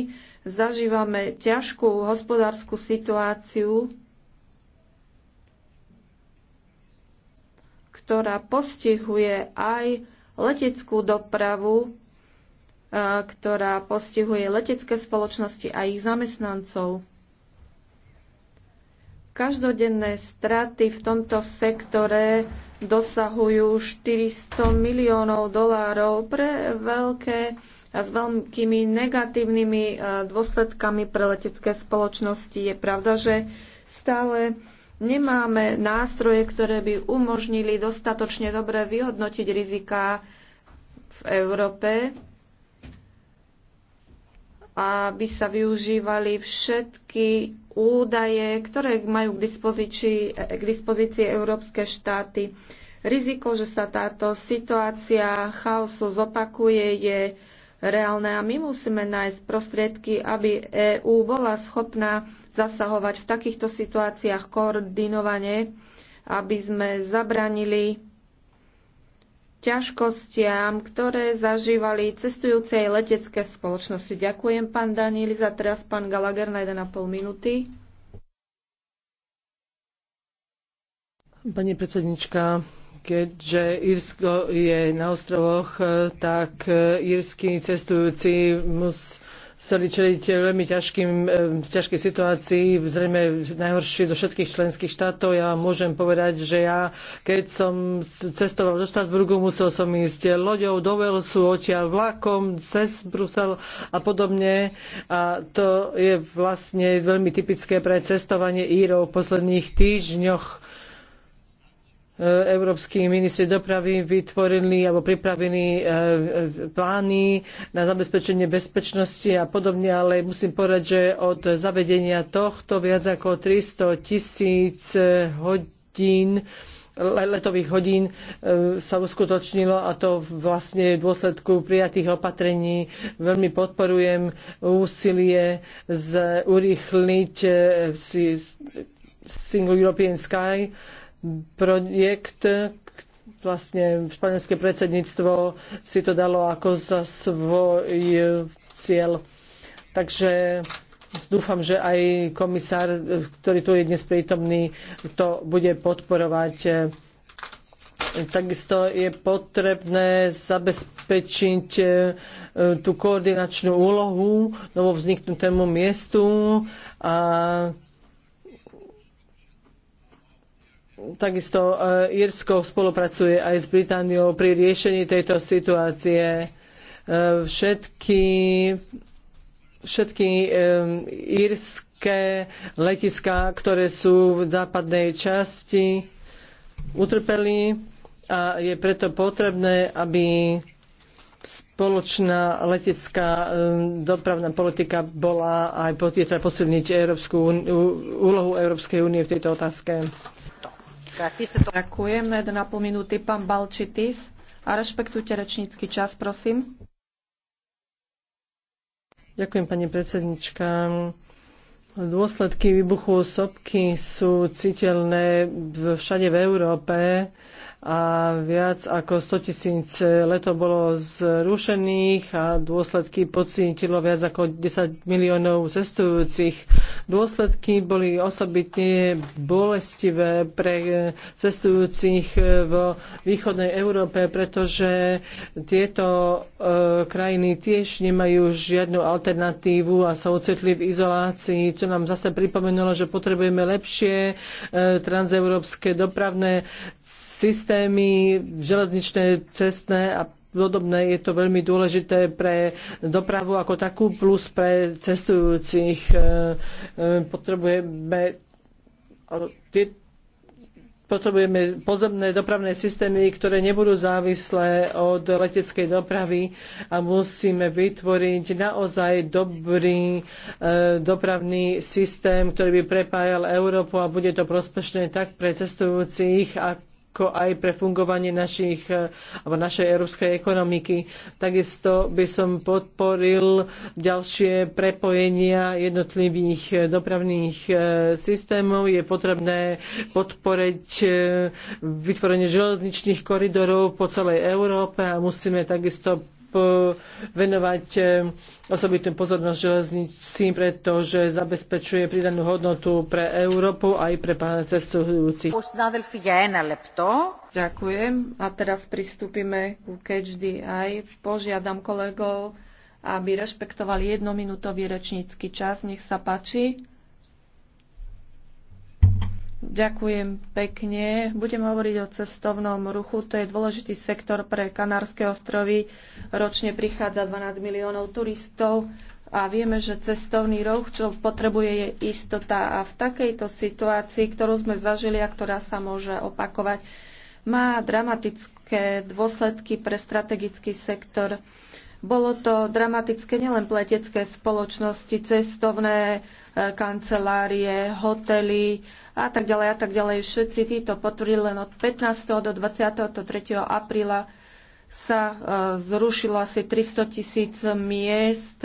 zažívame ťažkú hospodárskú situáciu, ktorá postihuje aj leteckú dopravu, e, ktorá postihuje letecké spoločnosti a ich zamestnancov. Každodenné straty v tomto sektore dosahujú 400 miliónov dolárov pre veľké a s veľkými negatívnymi e, dôsledkami pre letecké spoločnosti. Je pravda, že stále nemáme nástroje, ktoré by umožnili dostatočne dobre vyhodnotiť riziká v Európe aby sa využívali všetky údaje, ktoré majú k dispozícii, k dispozícii európske štáty. Riziko, že sa táto situácia chaosu zopakuje, je reálne a my musíme nájsť prostriedky, aby EÚ bola schopná zasahovať v takýchto situáciách koordinovane, aby sme zabranili ťažkostiam, ktoré zažívali cestujúce aj letecké spoločnosti. Ďakujem, pán Danieli, za teraz pán Galager na 1,5 minúty. Pani predsednička, keďže Írsko je na ostrovoch, tak eh, írsky cestujúci musí chceli čeliť veľmi ťažkým, eh, ťažkej situácii, zrejme najhoršie zo všetkých členských štátov. Ja môžem povedať, že ja, keď som cestoval do Štrasburgu, musel som ísť loďou do Velsu, odtiaľ vlakom, cez Brusel a podobne. A to je vlastne veľmi typické pre cestovanie Írov v posledných týždňoch E, európsky ministri dopravy vytvorili alebo pripravili e, e, plány na zabezpečenie bezpečnosti a podobne, ale musím povedať, že od zavedenia tohto viac ako 300 tisíc hodín letových hodín sa uskutočnilo a to vlastne v dôsledku prijatých opatrení veľmi podporujem úsilie z urýchliť Single European Sky projekt, vlastne španielské predsedníctvo si to dalo ako za svoj cieľ. Takže dúfam, že aj komisár, ktorý tu je dnes prítomný, to bude podporovať. Takisto je potrebné zabezpečiť e, tú koordinačnú úlohu novovzniknutému vzniknutému miestu a Takisto e, Írsko spolupracuje aj s Britániou pri riešení tejto situácie. E, všetky, všetky e, írske letiská, ktoré sú v západnej časti, utrpeli a je preto potrebné, aby spoločná letecká dopravná politika bola aj teda posilniť európsku, úlohu Európskej únie v tejto otázke. Ďakujem na 1,5 minúty, pán Balčitis. A rešpektujte rečnícky čas, prosím. Ďakujem, pani predsednička. Dôsledky výbuchu sopky sú citeľné všade v Európe a viac ako 100 tisíc letov bolo zrušených a dôsledky pocítilo viac ako 10 miliónov cestujúcich. Dôsledky boli osobitne bolestivé pre cestujúcich vo východnej Európe, pretože tieto e, krajiny tiež nemajú žiadnu alternatívu a sa ocitli v izolácii, čo nám zase pripomenulo, že potrebujeme lepšie e, transeurópske dopravné systémy železničné, cestné a podobné. Je to veľmi dôležité pre dopravu ako takú, plus pre cestujúcich. E, e, potrebujeme potrebujeme pozemné dopravné systémy, ktoré nebudú závislé od leteckej dopravy a musíme vytvoriť naozaj dobrý e, dopravný systém, ktorý by prepájal Európu a bude to prospešné tak pre cestujúcich, ako ako aj pre fungovanie našich, eh, alebo našej európskej ekonomiky. Takisto by som podporil ďalšie prepojenia jednotlivých eh, dopravných eh, systémov. Je potrebné podporiť vytvorenie železničných koridorov po celej Európe a musíme takisto venovať eh, osobitú pozornosť železnici, pretože zabezpečuje pridanú hodnotu pre Európu aj pre cestujúcich. Ďakujem. A teraz pristúpime ku keďždy aj. Požiadam kolegov, aby rešpektovali jednominútový rečnícky čas. Nech sa páči. Ďakujem pekne. Budem hovoriť o cestovnom ruchu. To je dôležitý sektor pre Kanárske ostrovy. Ročne prichádza 12 miliónov turistov a vieme, že cestovný ruch, čo potrebuje, je istota. A v takejto situácii, ktorú sme zažili a ktorá sa môže opakovať, má dramatické dôsledky pre strategický sektor. Bolo to dramatické nielen pletecké spoločnosti, cestovné E, kancelárie, hotely a tak ďalej a tak ďalej. Všetci títo potvrdili len od 15. do 23. apríla sa e, zrušilo asi 300 tisíc miest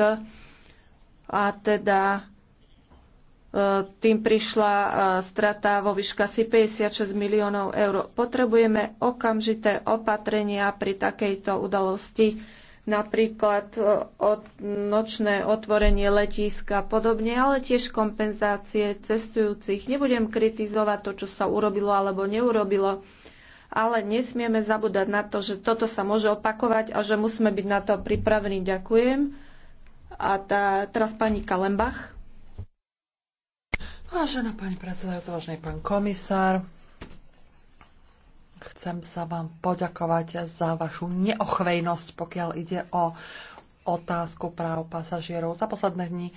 a teda e, tým prišla strata vo výška asi 56 miliónov eur. Potrebujeme okamžité opatrenia pri takejto udalosti napríklad e, od nočné otvorenie letiska a podobne, ale tiež kompenzácie cestujúcich. Nebudem kritizovať to, čo sa urobilo alebo neurobilo, ale nesmieme zabúdať na to, že toto sa môže opakovať a že musíme byť na to pripravení. Ďakujem. A tá, teraz pani Kalembach. Vážená pani predsedajúca, vážený pán komisár, chcem sa vám poďakovať za vašu neochvejnosť, pokiaľ ide o otázku práv pasažierov. Za posledné dni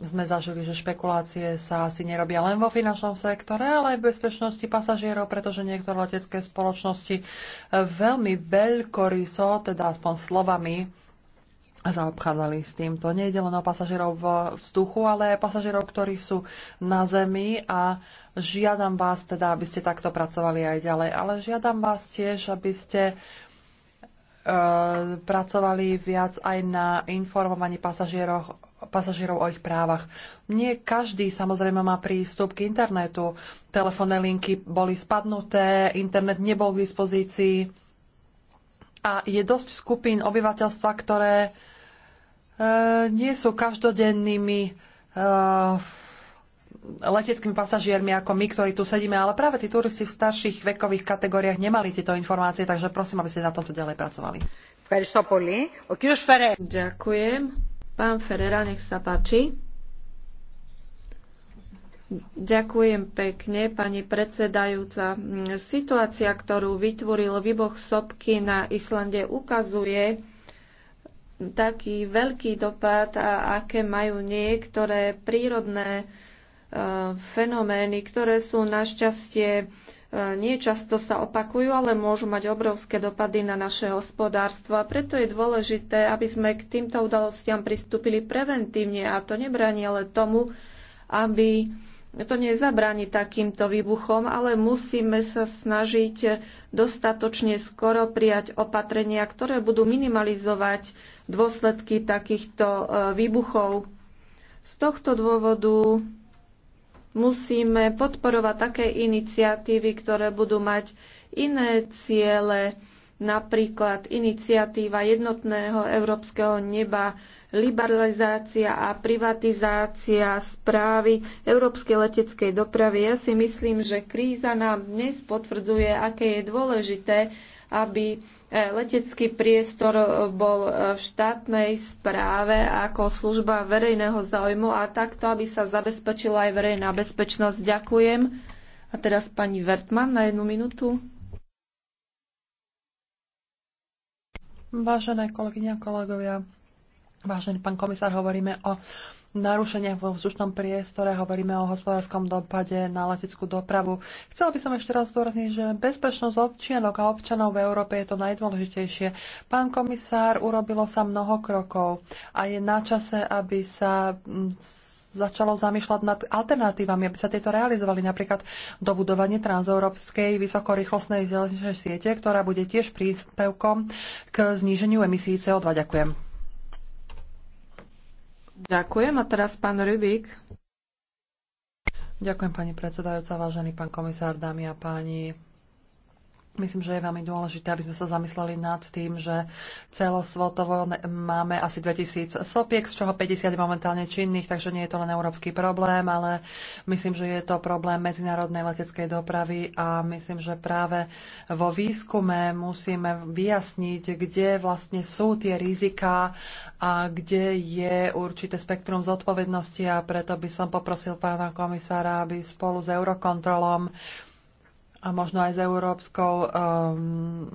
sme zažili, že špekulácie sa asi nerobia len vo finančnom sektore, ale aj v bezpečnosti pasažierov, pretože niektoré letecké spoločnosti veľmi veľkoryso, teda aspoň slovami, zaobchádzali s tým. To nejde len o pasažierov v vzduchu, ale aj pasažierov, ktorí sú na zemi a žiadam vás teda, aby ste takto pracovali aj ďalej, ale žiadam vás tiež, aby ste e, pracovali viac aj na informovaní pasažierov, pasažierov o ich právach. Nie každý samozrejme má prístup k internetu. Telefónne linky boli spadnuté, internet nebol k dispozícii a je dosť skupín obyvateľstva, ktoré uh, Eh, nie sú každodennými eh, leteckými pasažiermi ako my, ktorí tu sedíme, ale práve tí turisti v starších vekových kategóriách nemali tieto informácie, takže prosím, aby ste na tomto ďalej pracovali. Ďakujem. Pán Ferrera, nech sa páči. Ďakujem pekne, pani predsedajúca. Hm, situácia, ktorú vytvoril výboh sopky na Islande, ukazuje, taký veľký dopad a aké majú niektoré prírodné e, fenomény, ktoré sú našťastie e, nie často sa opakujú, ale môžu mať obrovské dopady na naše hospodárstvo. A preto je dôležité, aby sme k týmto udalostiam pristúpili preventívne a to nebráni ale tomu, aby to nezabráni takýmto výbuchom, ale musíme sa snažiť dostatočne skoro prijať opatrenia, ktoré budú minimalizovať dôsledky takýchto e, výbuchov. Z tohto dôvodu musíme podporovať také iniciatívy, ktoré budú mať iné ciele, napríklad iniciatíva jednotného európskeho neba, liberalizácia a privatizácia správy európskej leteckej dopravy. Ja si myslím, že kríza nám dnes potvrdzuje, aké je dôležité, aby E, letecký priestor e, bol e, v štátnej správe ako služba verejného záujmu a takto, aby sa zabezpečila aj verejná bezpečnosť. Ďakujem. A teraz pani Vertman na jednu minútu. Vážené kolegyne a kolegovia, vážený pán komisár, hovoríme o narušenia vo vzdušnom priestore, hovoríme o hospodárskom dopade na leteckú dopravu. Chcela by som ešte raz zdôrazniť, že bezpečnosť občianok a občanov v Európe je to najdôležitejšie. Pán komisár, urobilo sa mnoho krokov a je na čase, aby sa mm, začalo zamýšľať nad alternatívami, aby sa tieto realizovali, napríklad dobudovanie transeurópskej vysokorýchlostnej železničnej siete, ktorá bude tiež príspevkom k zníženiu emisí CO2. Ďakujem. Ďakujem a teraz pán Rybík. Ďakujem pani predsedajúca, vážený pán komisár, dámy a páni. Myslím, že je veľmi dôležité, aby sme sa zamysleli nad tým, že celosvotovo máme asi 2000 sopiek, z čoho 50 je momentálne činných, takže nie je to len európsky problém, ale myslím, že je to problém medzinárodnej leteckej dopravy a myslím, že práve vo výskume musíme vyjasniť, kde vlastne sú tie rizika a kde je určité spektrum zodpovednosti a preto by som poprosil pána komisára, aby spolu s Eurokontrolom a možno aj s Európskou um,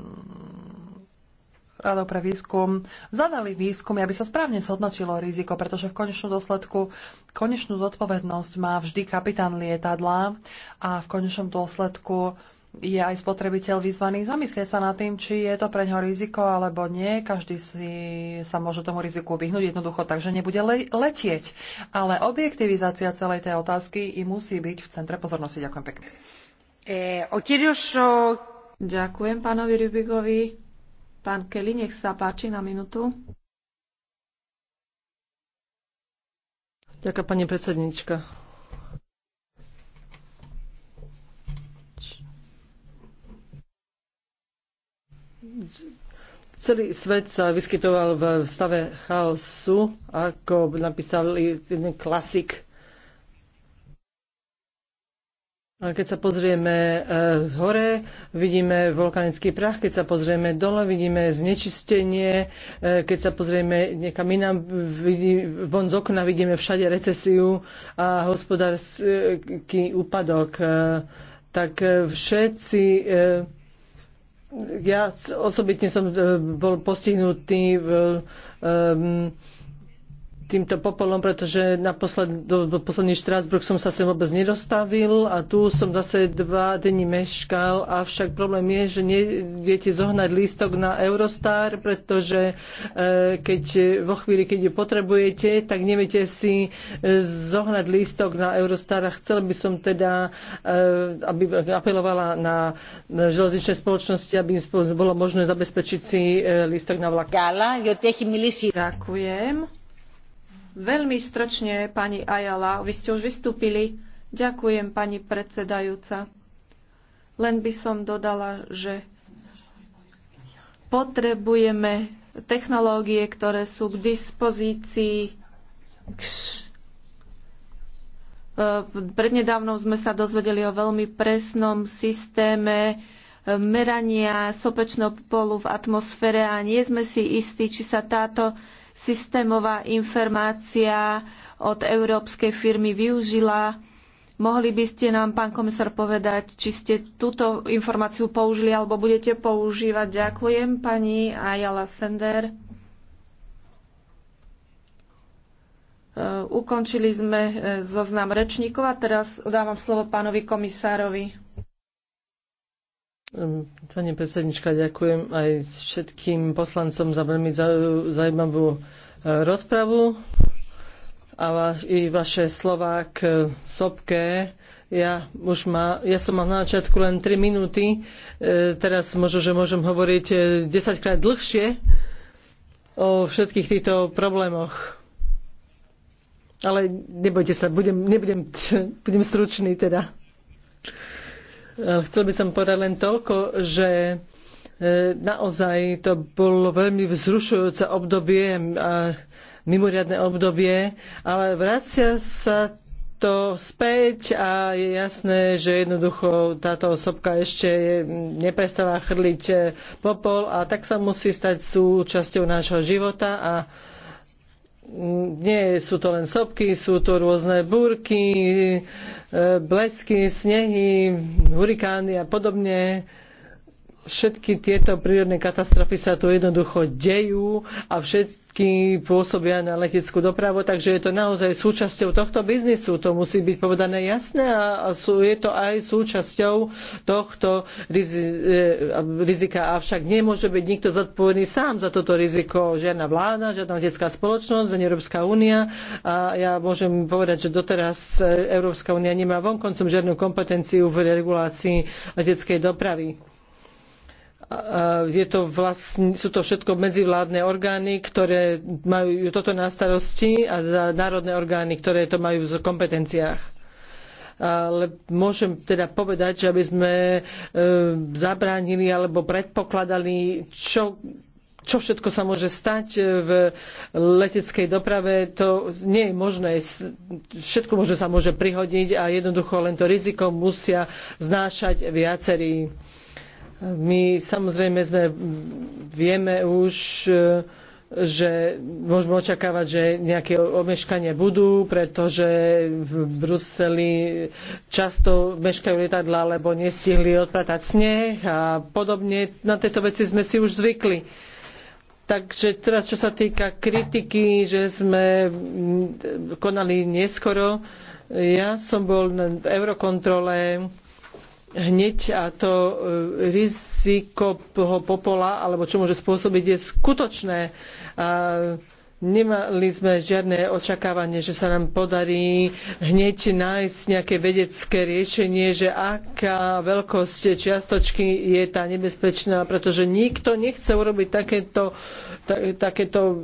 radou pre výskum zadali výskum, aby sa správne zhodnotilo riziko, pretože v konečnom dôsledku konečnú zodpovednosť má vždy kapitán lietadla a v konečnom dôsledku je aj spotrebiteľ vyzvaný zamyslieť sa nad tým, či je to pre ňo riziko alebo nie. Každý si sa môže tomu riziku vyhnúť jednoducho, takže nebude le- letieť. Ale objektivizácia celej tej otázky i musí byť v centre pozornosti. Ďakujem pekne. Eh, Ďakujem pánovi Rubigovi. Pán Kelly, nech sa páči na minútu. Ďakujem, pani predsednička. Celý svet sa vyskytoval v stave chaosu, ako napísal jeden klasik Keď sa pozrieme e, hore, vidíme vulkanický prach, keď sa pozrieme dole, vidíme znečistenie, e, keď sa pozrieme niekam inám, vidí, von z okna vidíme všade recesiu a hospodársky úpadok. E, tak všetci ja osobitne som bol postihnutý v, um, týmto popolom, pretože na posled, do, do posledný Štrásburg som sa sem vôbec nedostavil a tu som zase dva dni meškal, avšak problém je, že neviete zohnať lístok na Eurostar, pretože e, keď vo chvíli, keď ju potrebujete, tak neviete si e, zohnať lístok na Eurostar a chcel by som teda, e, aby apelovala na železničné spoločnosti, aby im bolo možné zabezpečiť si lístok na vlak. Ďakujem. Veľmi stročne, pani Ajala, vy ste už vystúpili. Ďakujem, pani predsedajúca. Len by som dodala, že potrebujeme technológie, ktoré sú k dispozícii. Kš. E, Prednedávnom sme sa dozvedeli o veľmi presnom systéme e, merania sopečného polu v atmosfére a nie sme si istí, či sa táto systémová informácia od európskej firmy využila. Mohli by ste nám, pán komisár, povedať, či ste túto informáciu použili alebo budete používať? Ďakujem, pani Ajala Sender. E, ukončili sme e, zoznam rečníkov a teraz dávam slovo pánovi komisárovi. Ehm, pani predsednička, ďakujem aj všetkým poslancom za veľmi zaujímavú e, rozpravu a vaš, i vaše slova k sopke. Ja, už má, ja som mal na začiatku len 3 minúty, e, teraz možno, že môžem hovoriť 10 e, krát dlhšie o všetkých týchto problémoch. Ale nebojte sa, budem, nebudem, budem stručný teda. Eh, chcel by som povedať len toľko, že eh, naozaj to bolo veľmi vzrušujúce obdobie a eh, mimoriadne obdobie, ale vracia sa to späť a je jasné, že jednoducho táto osobka ešte mm, neprestala chrliť popol a tak sa musí stať súčasťou nášho života a nie sú to len sopky, sú to rôzne búrky, e, blesky, snehy, hurikány a podobne všetky tieto prírodné katastrofy sa tu jednoducho dejú a všetky pôsobia na leteckú dopravu, takže je to naozaj súčasťou tohto biznisu. To musí byť povedané jasné a, a sú, je to aj súčasťou tohto riz, e, rizika. Avšak nemôže byť nikto zodpovedný sám za toto riziko. Žiadna vláda, žiadna letecká spoločnosť, ani Európska únia. A ja môžem povedať, že doteraz Európska únia nemá vonkoncom žiadnu kompetenciu v regulácii leteckej dopravy. Je to vlastne, sú to všetko medzivládne orgány, ktoré majú toto na starosti a národné orgány, ktoré to majú v kompetenciách ale môžem teda povedať, že aby sme e, zabránili alebo predpokladali, čo čo všetko sa môže stať e, v leteckej doprave, to nie je možné. Všetko sa môže prihodiť a jednoducho len to riziko musia znášať viacerí. My samozrejme sme, vieme už, e, že môžeme očakávať, že nejaké omeškania budú, pretože v Bruseli často meškajú lietadla, alebo nestihli odpratať sneh a podobne. Na tieto veci sme si už zvykli. Takže teraz, čo sa týka kritiky, že sme konali neskoro, ja som bol v Eurokontrole hneď a to e, riziko toho popola, alebo čo môže spôsobiť, je skutočné. A Nemali sme žiadne očakávanie, že sa nám podarí hneď nájsť nejaké vedecké riešenie, že aká veľkosť čiastočky je tá nebezpečná, pretože nikto nechce urobiť takéto, tak, takéto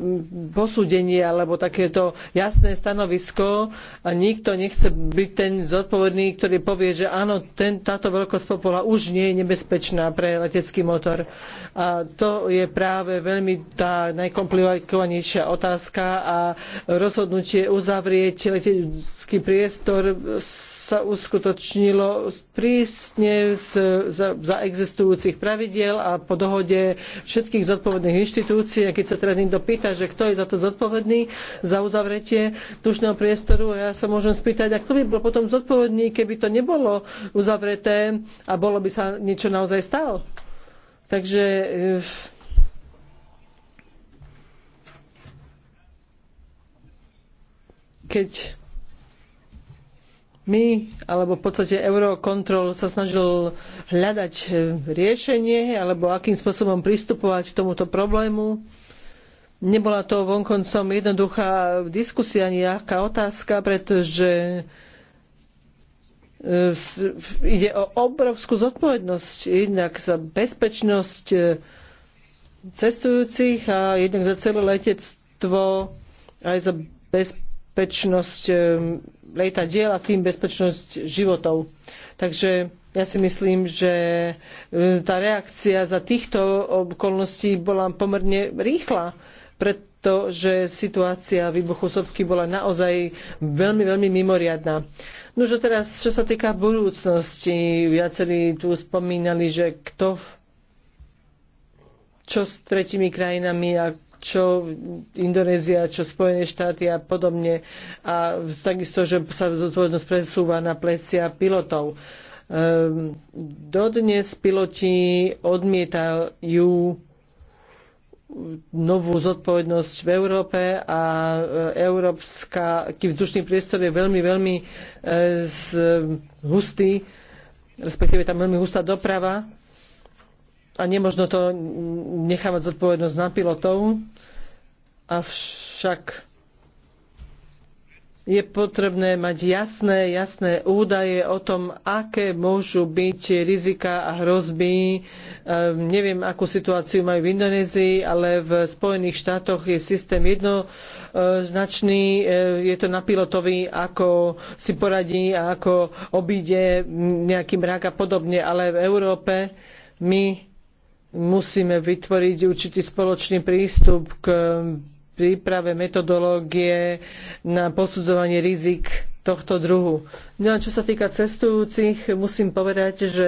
posúdenie alebo takéto jasné stanovisko a nikto nechce byť ten zodpovedný, ktorý povie, že áno, ten, táto veľkosť popola už nie je nebezpečná pre letecký motor. A to je práve veľmi tá najkomplikovanejšia otázka otázka a rozhodnutie uzavrieť letecký priestor sa uskutočnilo prísne z, za, za existujúcich pravidiel a po dohode všetkých zodpovedných inštitúcií. A keď sa teraz niekto pýta, že kto je za to zodpovedný za uzavretie tušného priestoru, ja sa môžem spýtať, a kto by bol potom zodpovedný, keby to nebolo uzavreté a bolo by sa niečo naozaj stalo. Takže eh, keď my, alebo v podstate Eurocontrol sa snažil hľadať eh, riešenie, alebo akým spôsobom pristupovať k tomuto problému. Nebola to vonkoncom jednoduchá diskusia, ani nejaká otázka, pretože eh, ide o obrovskú zodpovednosť jednak za bezpečnosť eh, cestujúcich a jednak za celé letectvo aj za bezpečnosť bezpečnosť e, lietadiel a tým bezpečnosť životov. Takže ja si myslím, že e, tá reakcia za týchto okolností bola pomerne rýchla, pretože situácia výbuchu sopky bola naozaj veľmi, veľmi mimoriadná. No že teraz, čo sa týka budúcnosti, viacerí tu spomínali, že kto čo s tretimi krajinami a čo Indonézia, čo Spojené štáty a podobne. A takisto, že sa zodpovednosť presúva na plecia pilotov. Ehm, dodnes piloti odmietajú novú zodpovednosť v Európe a e, európska vzdušný priestor je veľmi, veľmi e, z, hustý, respektíve tam veľmi hustá doprava a nemožno to nechávať zodpovednosť na pilotov, avšak je potrebné mať jasné, jasné údaje o tom, aké môžu byť rizika a hrozby. Ehm, neviem, akú situáciu majú v Indonézii, ale v Spojených štátoch je systém jednoznačný. Ehm, je to na pilotovi, ako si poradí a ako obíde nejaký mrak a podobne. Ale v Európe my musíme vytvoriť určitý spoločný prístup k príprave metodológie na posudzovanie rizik tohto druhu. No a čo sa týka cestujúcich, musím povedať, že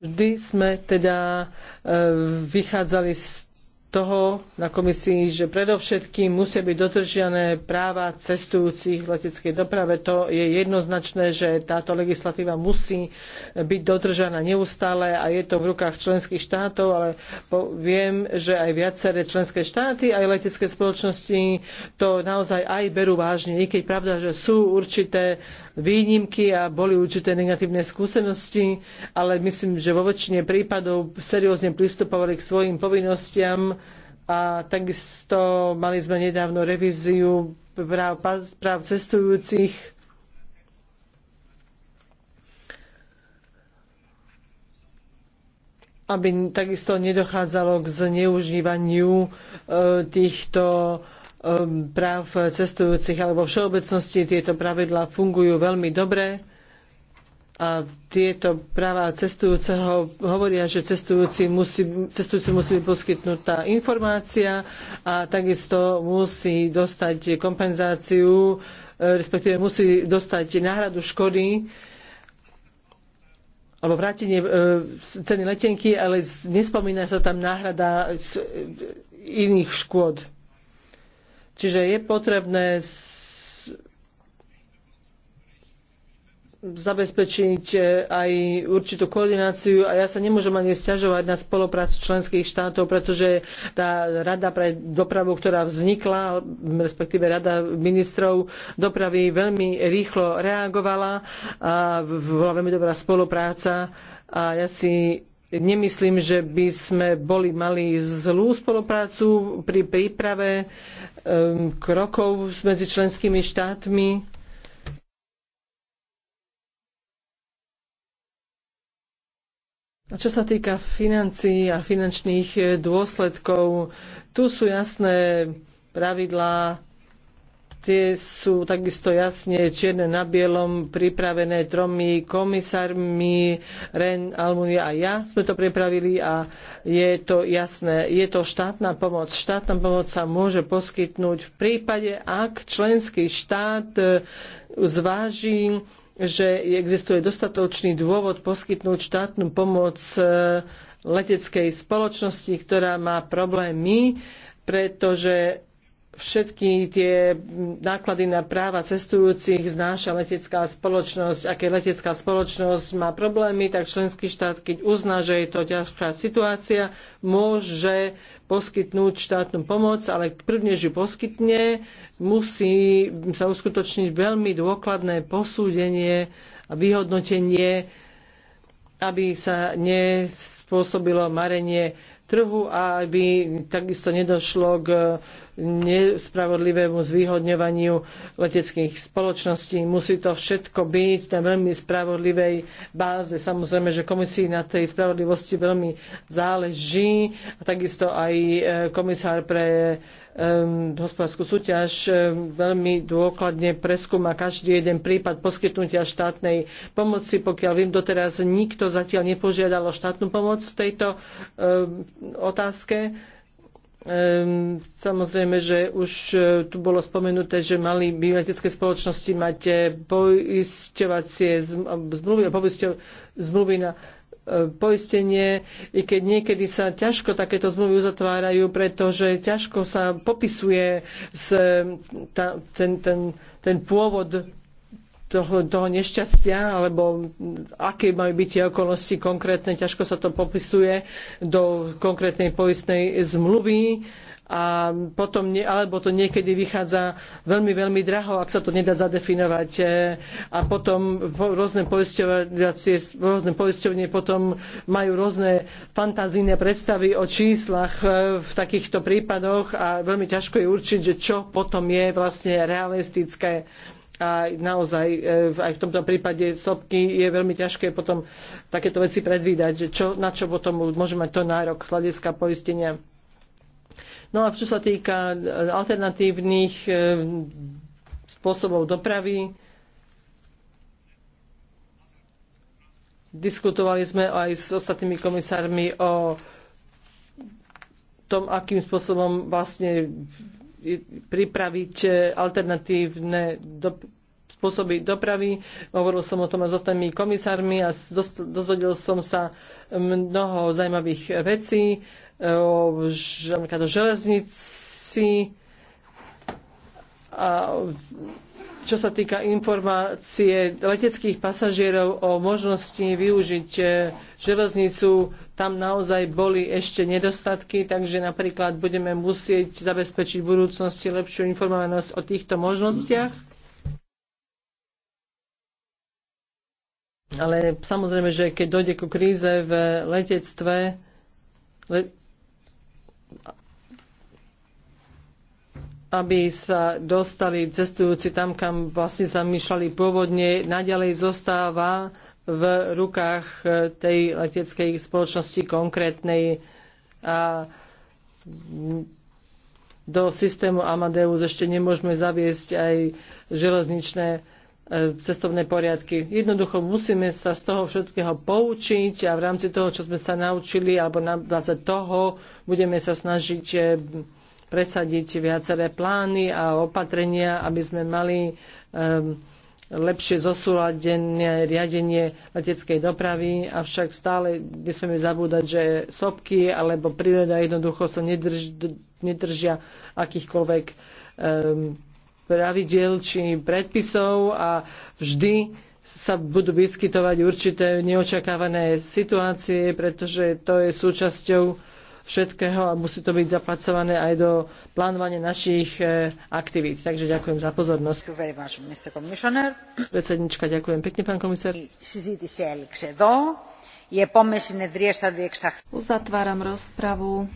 vždy sme teda e, vychádzali z toho na komisii, že predovšetkým musia byť dodržiané práva cestujúcich v leteckej doprave. To je jednoznačné, že táto legislatíva musí byť dodržaná neustále a je to v rukách členských štátov, ale viem, že aj viaceré členské štáty, aj letecké spoločnosti to naozaj aj berú vážne. I keď pravda, že sú určité výnimky a boli určité negatívne skúsenosti, ale myslím, že vo väčšine prípadov seriózne pristupovali k svojim povinnostiam a takisto mali sme nedávno revíziu práv, práv cestujúcich. aby takisto nedochádzalo k zneužívaniu e, týchto Ehm, práv cestujúcich, alebo všeobecnosti tieto pravidlá fungujú veľmi dobre a tieto práva cestujúceho hovoria, že cestujúci musí, cestujúci musí byť poskytnutá informácia a takisto musí dostať kompenzáciu, e, respektíve musí dostať náhradu škody alebo vrátenie e, ceny letenky, ale nespomína sa tam náhrada e, iných škôd. Čiže je potrebné zabezpečiť e, aj určitú koordináciu a ja sa nemôžem ani stiažovať na spoluprácu členských štátov, pretože tá rada pre dopravu, ktorá vznikla, respektíve rada ministrov dopravy veľmi rýchlo reagovala a bola veľmi dobrá spolupráca a ja si Nemyslím, že by sme boli mali zlú spoluprácu pri príprave um, krokov medzi členskými štátmi. A čo sa týka financií a finančných eh, dôsledkov, tu sú jasné pravidlá Tie sú takisto jasne čierne na bielom pripravené tromi komisármi Ren, Almunia a ja sme to pripravili a je to jasné. Je to štátna pomoc. Štátna pomoc sa môže poskytnúť v prípade, ak členský štát e, zváži že existuje dostatočný dôvod poskytnúť štátnu pomoc e, leteckej spoločnosti, ktorá má problémy, pretože všetky tie náklady na práva cestujúcich znáša letecká spoločnosť. A keď letecká spoločnosť má problémy, tak členský štát, keď uzná, že je to ťažká situácia, môže poskytnúť štátnu pomoc, ale prvne, že poskytne, musí sa uskutočniť veľmi dôkladné posúdenie a vyhodnotenie, aby sa nespôsobilo marenie trhu a aby takisto nedošlo k nespravodlivému zvýhodňovaniu leteckých spoločností. Musí to všetko byť na veľmi spravodlivej báze. Samozrejme, že komisii na tej spravodlivosti veľmi záleží a takisto aj e, komisár pre e, hospodárskú súťaž e, veľmi dôkladne preskúma každý jeden prípad poskytnutia štátnej pomoci. Pokiaľ viem, doteraz nikto zatiaľ nepožiadal o štátnu pomoc v tejto um, otázke Ehm, samozrejme, že už e, tu bolo spomenuté, že mali by letecké spoločnosti mať e, poisťovacie zmluvy, zmluvy na e, poistenie, i keď niekedy sa ťažko takéto zmluvy uzatvárajú, pretože ťažko sa popisuje s, ta, ten, ten, ten pôvod toho, toho nešťastia, alebo aké majú byť tie okolnosti konkrétne, ťažko sa to popisuje do konkrétnej poistnej zmluvy a potom, alebo to niekedy vychádza veľmi, veľmi draho, ak sa to nedá zadefinovať. E, a potom rôzne poisťovacie, rôzne poisťovne potom majú rôzne fantazíne predstavy o číslach e, v takýchto prípadoch a veľmi ťažko je určiť, že čo potom je vlastne realistické a naozaj e, aj v tomto prípade sopky je veľmi ťažké potom takéto veci predvídať, čo, na čo potom môže mať to nárok hľadiska poistenia. No a čo sa týka e, alternatívnych e, spôsobov dopravy, diskutovali sme aj s ostatnými komisármi o tom, akým spôsobom vlastne pripraviť e, alternatívne do, spôsoby dopravy. Hovoril som o tom aj s ostatnými komisármi a dozvedel som sa mnoho zaujímavých vecí e, o, o železnici a čo sa týka informácie leteckých pasažierov o možnosti využiť e, železnicu tam naozaj boli ešte nedostatky, takže napríklad budeme musieť zabezpečiť v budúcnosti lepšiu informovanosť o týchto možnostiach. Ale samozrejme, že keď dojde ku kríze v letectve, le, aby sa dostali cestujúci tam, kam vlastne zamýšľali pôvodne, naďalej zostáva v rukách e, tej leteckej spoločnosti konkrétnej a do systému Amadeus ešte nemôžeme zaviesť aj železničné e, cestovné poriadky. Jednoducho musíme sa z toho všetkého poučiť a v rámci toho, čo sme sa naučili, alebo na báze toho budeme sa snažiť e, presadiť viaceré plány a opatrenia, aby sme mali um, lepšie zosúladené riadenie leteckej dopravy, avšak stále nesmieme zabúdať, že sopky alebo príroda jednoducho sa nedrž, nedržia akýchkoľvek um, pravidel či predpisov a vždy sa budú vyskytovať určité neočakávané situácie, pretože to je súčasťou všetkého a musí to byť zapracované aj do plánovania našich e, aktivít. Takže ďakujem za pozornosť. Predsednička, ďakujem pekne, pán komisár. Uzatváram rozpravu.